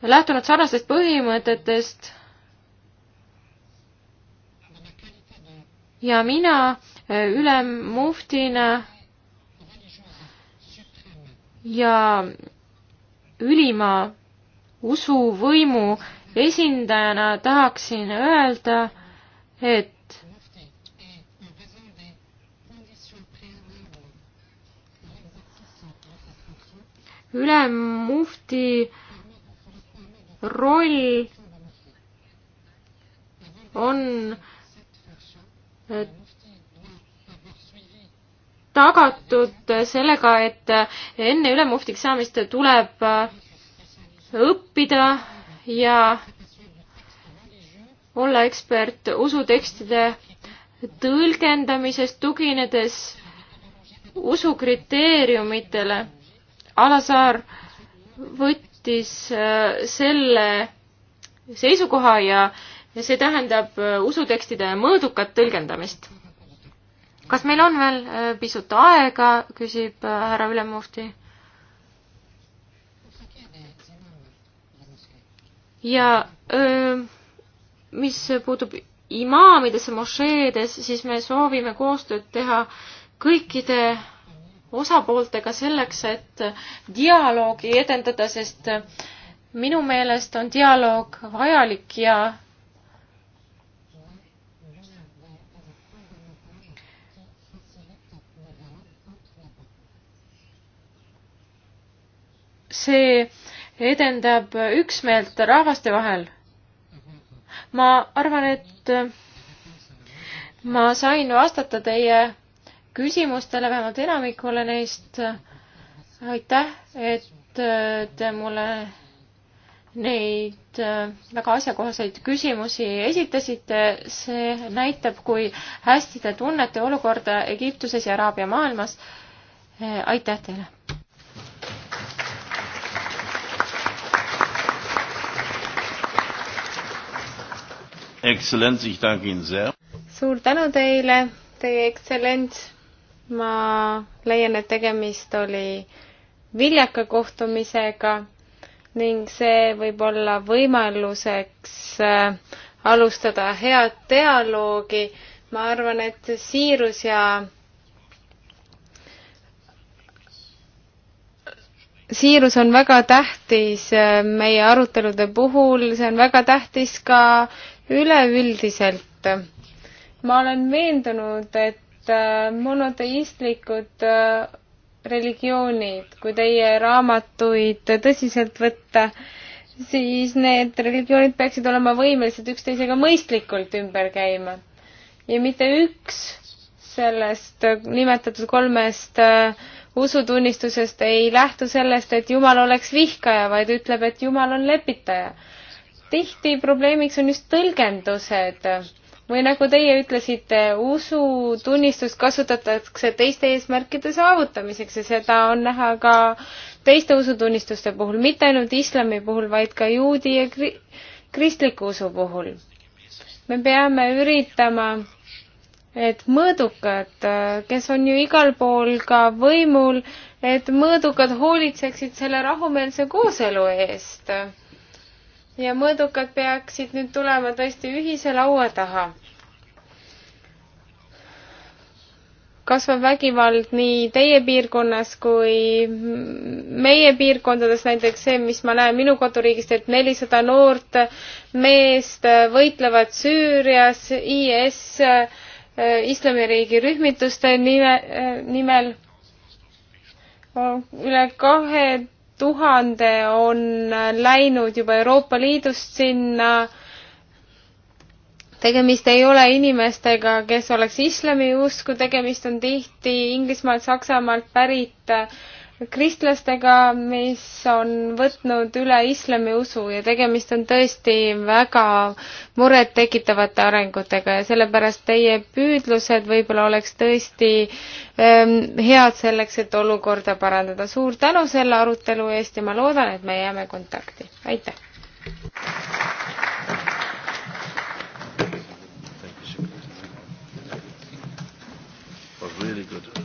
lähtunud sarnastest põhimõtetest. ja mina äh, ülemmuhtina ja ülima usuvõimu esindajana tahaksin öelda, et ülemufti roll on tagatud sellega, et enne ülemuftiks saamist tuleb õppida ja olla ekspert usutekstide tõlgendamisest, tuginedes usukriteeriumitele. Alasaar võttis äh, selle seisukoha ja ja see tähendab äh, usutekstide mõõdukat tõlgendamist. kas meil on veel äh, pisut aega, küsib härra ülemufti. ja öö, mis puutub imaamidesse mošeedes, siis me soovime koostööd teha kõikide osapooltega selleks, et dialoogi edendada, sest minu meelest on dialoog vajalik ja see edendab üksmeelt rahvaste vahel. ma arvan, et ma sain vastata teie küsimustele, vähemalt enamikule neist. aitäh, et te mulle neid väga asjakohaseid küsimusi esitasite, see näitab, kui hästi te tunnete olukorda Egiptuses ja Araabia maailmas. aitäh teile! Exzellenz, ich danke Ihnen sehr. suur tänu teile, Teie Ekstsellents. ma leian, et tegemist oli viljaka kohtumisega ning see võib olla võimaluseks äh, alustada head dialoogi. ma arvan, et siirus ja siirus on väga tähtis äh, meie arutelude puhul, see on väga tähtis ka üleüldiselt ma olen veendunud, et äh, monoteistlikud äh, religioonid, kui teie raamatuid tõsiselt võtta, siis need religioonid peaksid olema võimelised üksteisega mõistlikult ümber käima. ja mitte üks sellest nimetatud kolmest äh, usutunnistusest ei lähtu sellest, et Jumal oleks vihkaja, vaid ütleb, et Jumal on lepitaja tihti probleemiks on just tõlgendused või nagu teie ütlesite, usutunnistust kasutatakse teiste eesmärkide saavutamiseks ja seda on näha ka teiste usutunnistuste puhul, mitte ainult islami puhul, vaid ka juudi ja kri-, kristliku usu puhul. me peame üritama, et mõõdukad, kes on ju igal pool ka võimul, et mõõdukad hoolitseksid selle rahumeelse kooselu eest ja mõõdukad peaksid nüüd tulema tõesti ühise laua taha. kasvav vägivald nii teie piirkonnas kui meie piirkondades, näiteks see, mis ma näen minu koduriigist, et nelisada noort meest võitlevad Süürias IS äh, islamiriigi rühmituste nime, äh, nimel. üle kahe tuhande on läinud juba Euroopa Liidust sinna. tegemist ei ole inimestega, kes oleks islamiusku, tegemist on tihti Inglismaalt, Saksamaalt pärit äh, kristlastega, mis on võtnud üle islamiusu ja tegemist on tõesti väga murettekitavate arengutega ja sellepärast teie püüdlused võib-olla oleks tõesti ähm, head selleks, et olukorda parandada. suur tänu selle arutelu eest ja ma loodan, et me jääme kontakti. aitäh! was really good.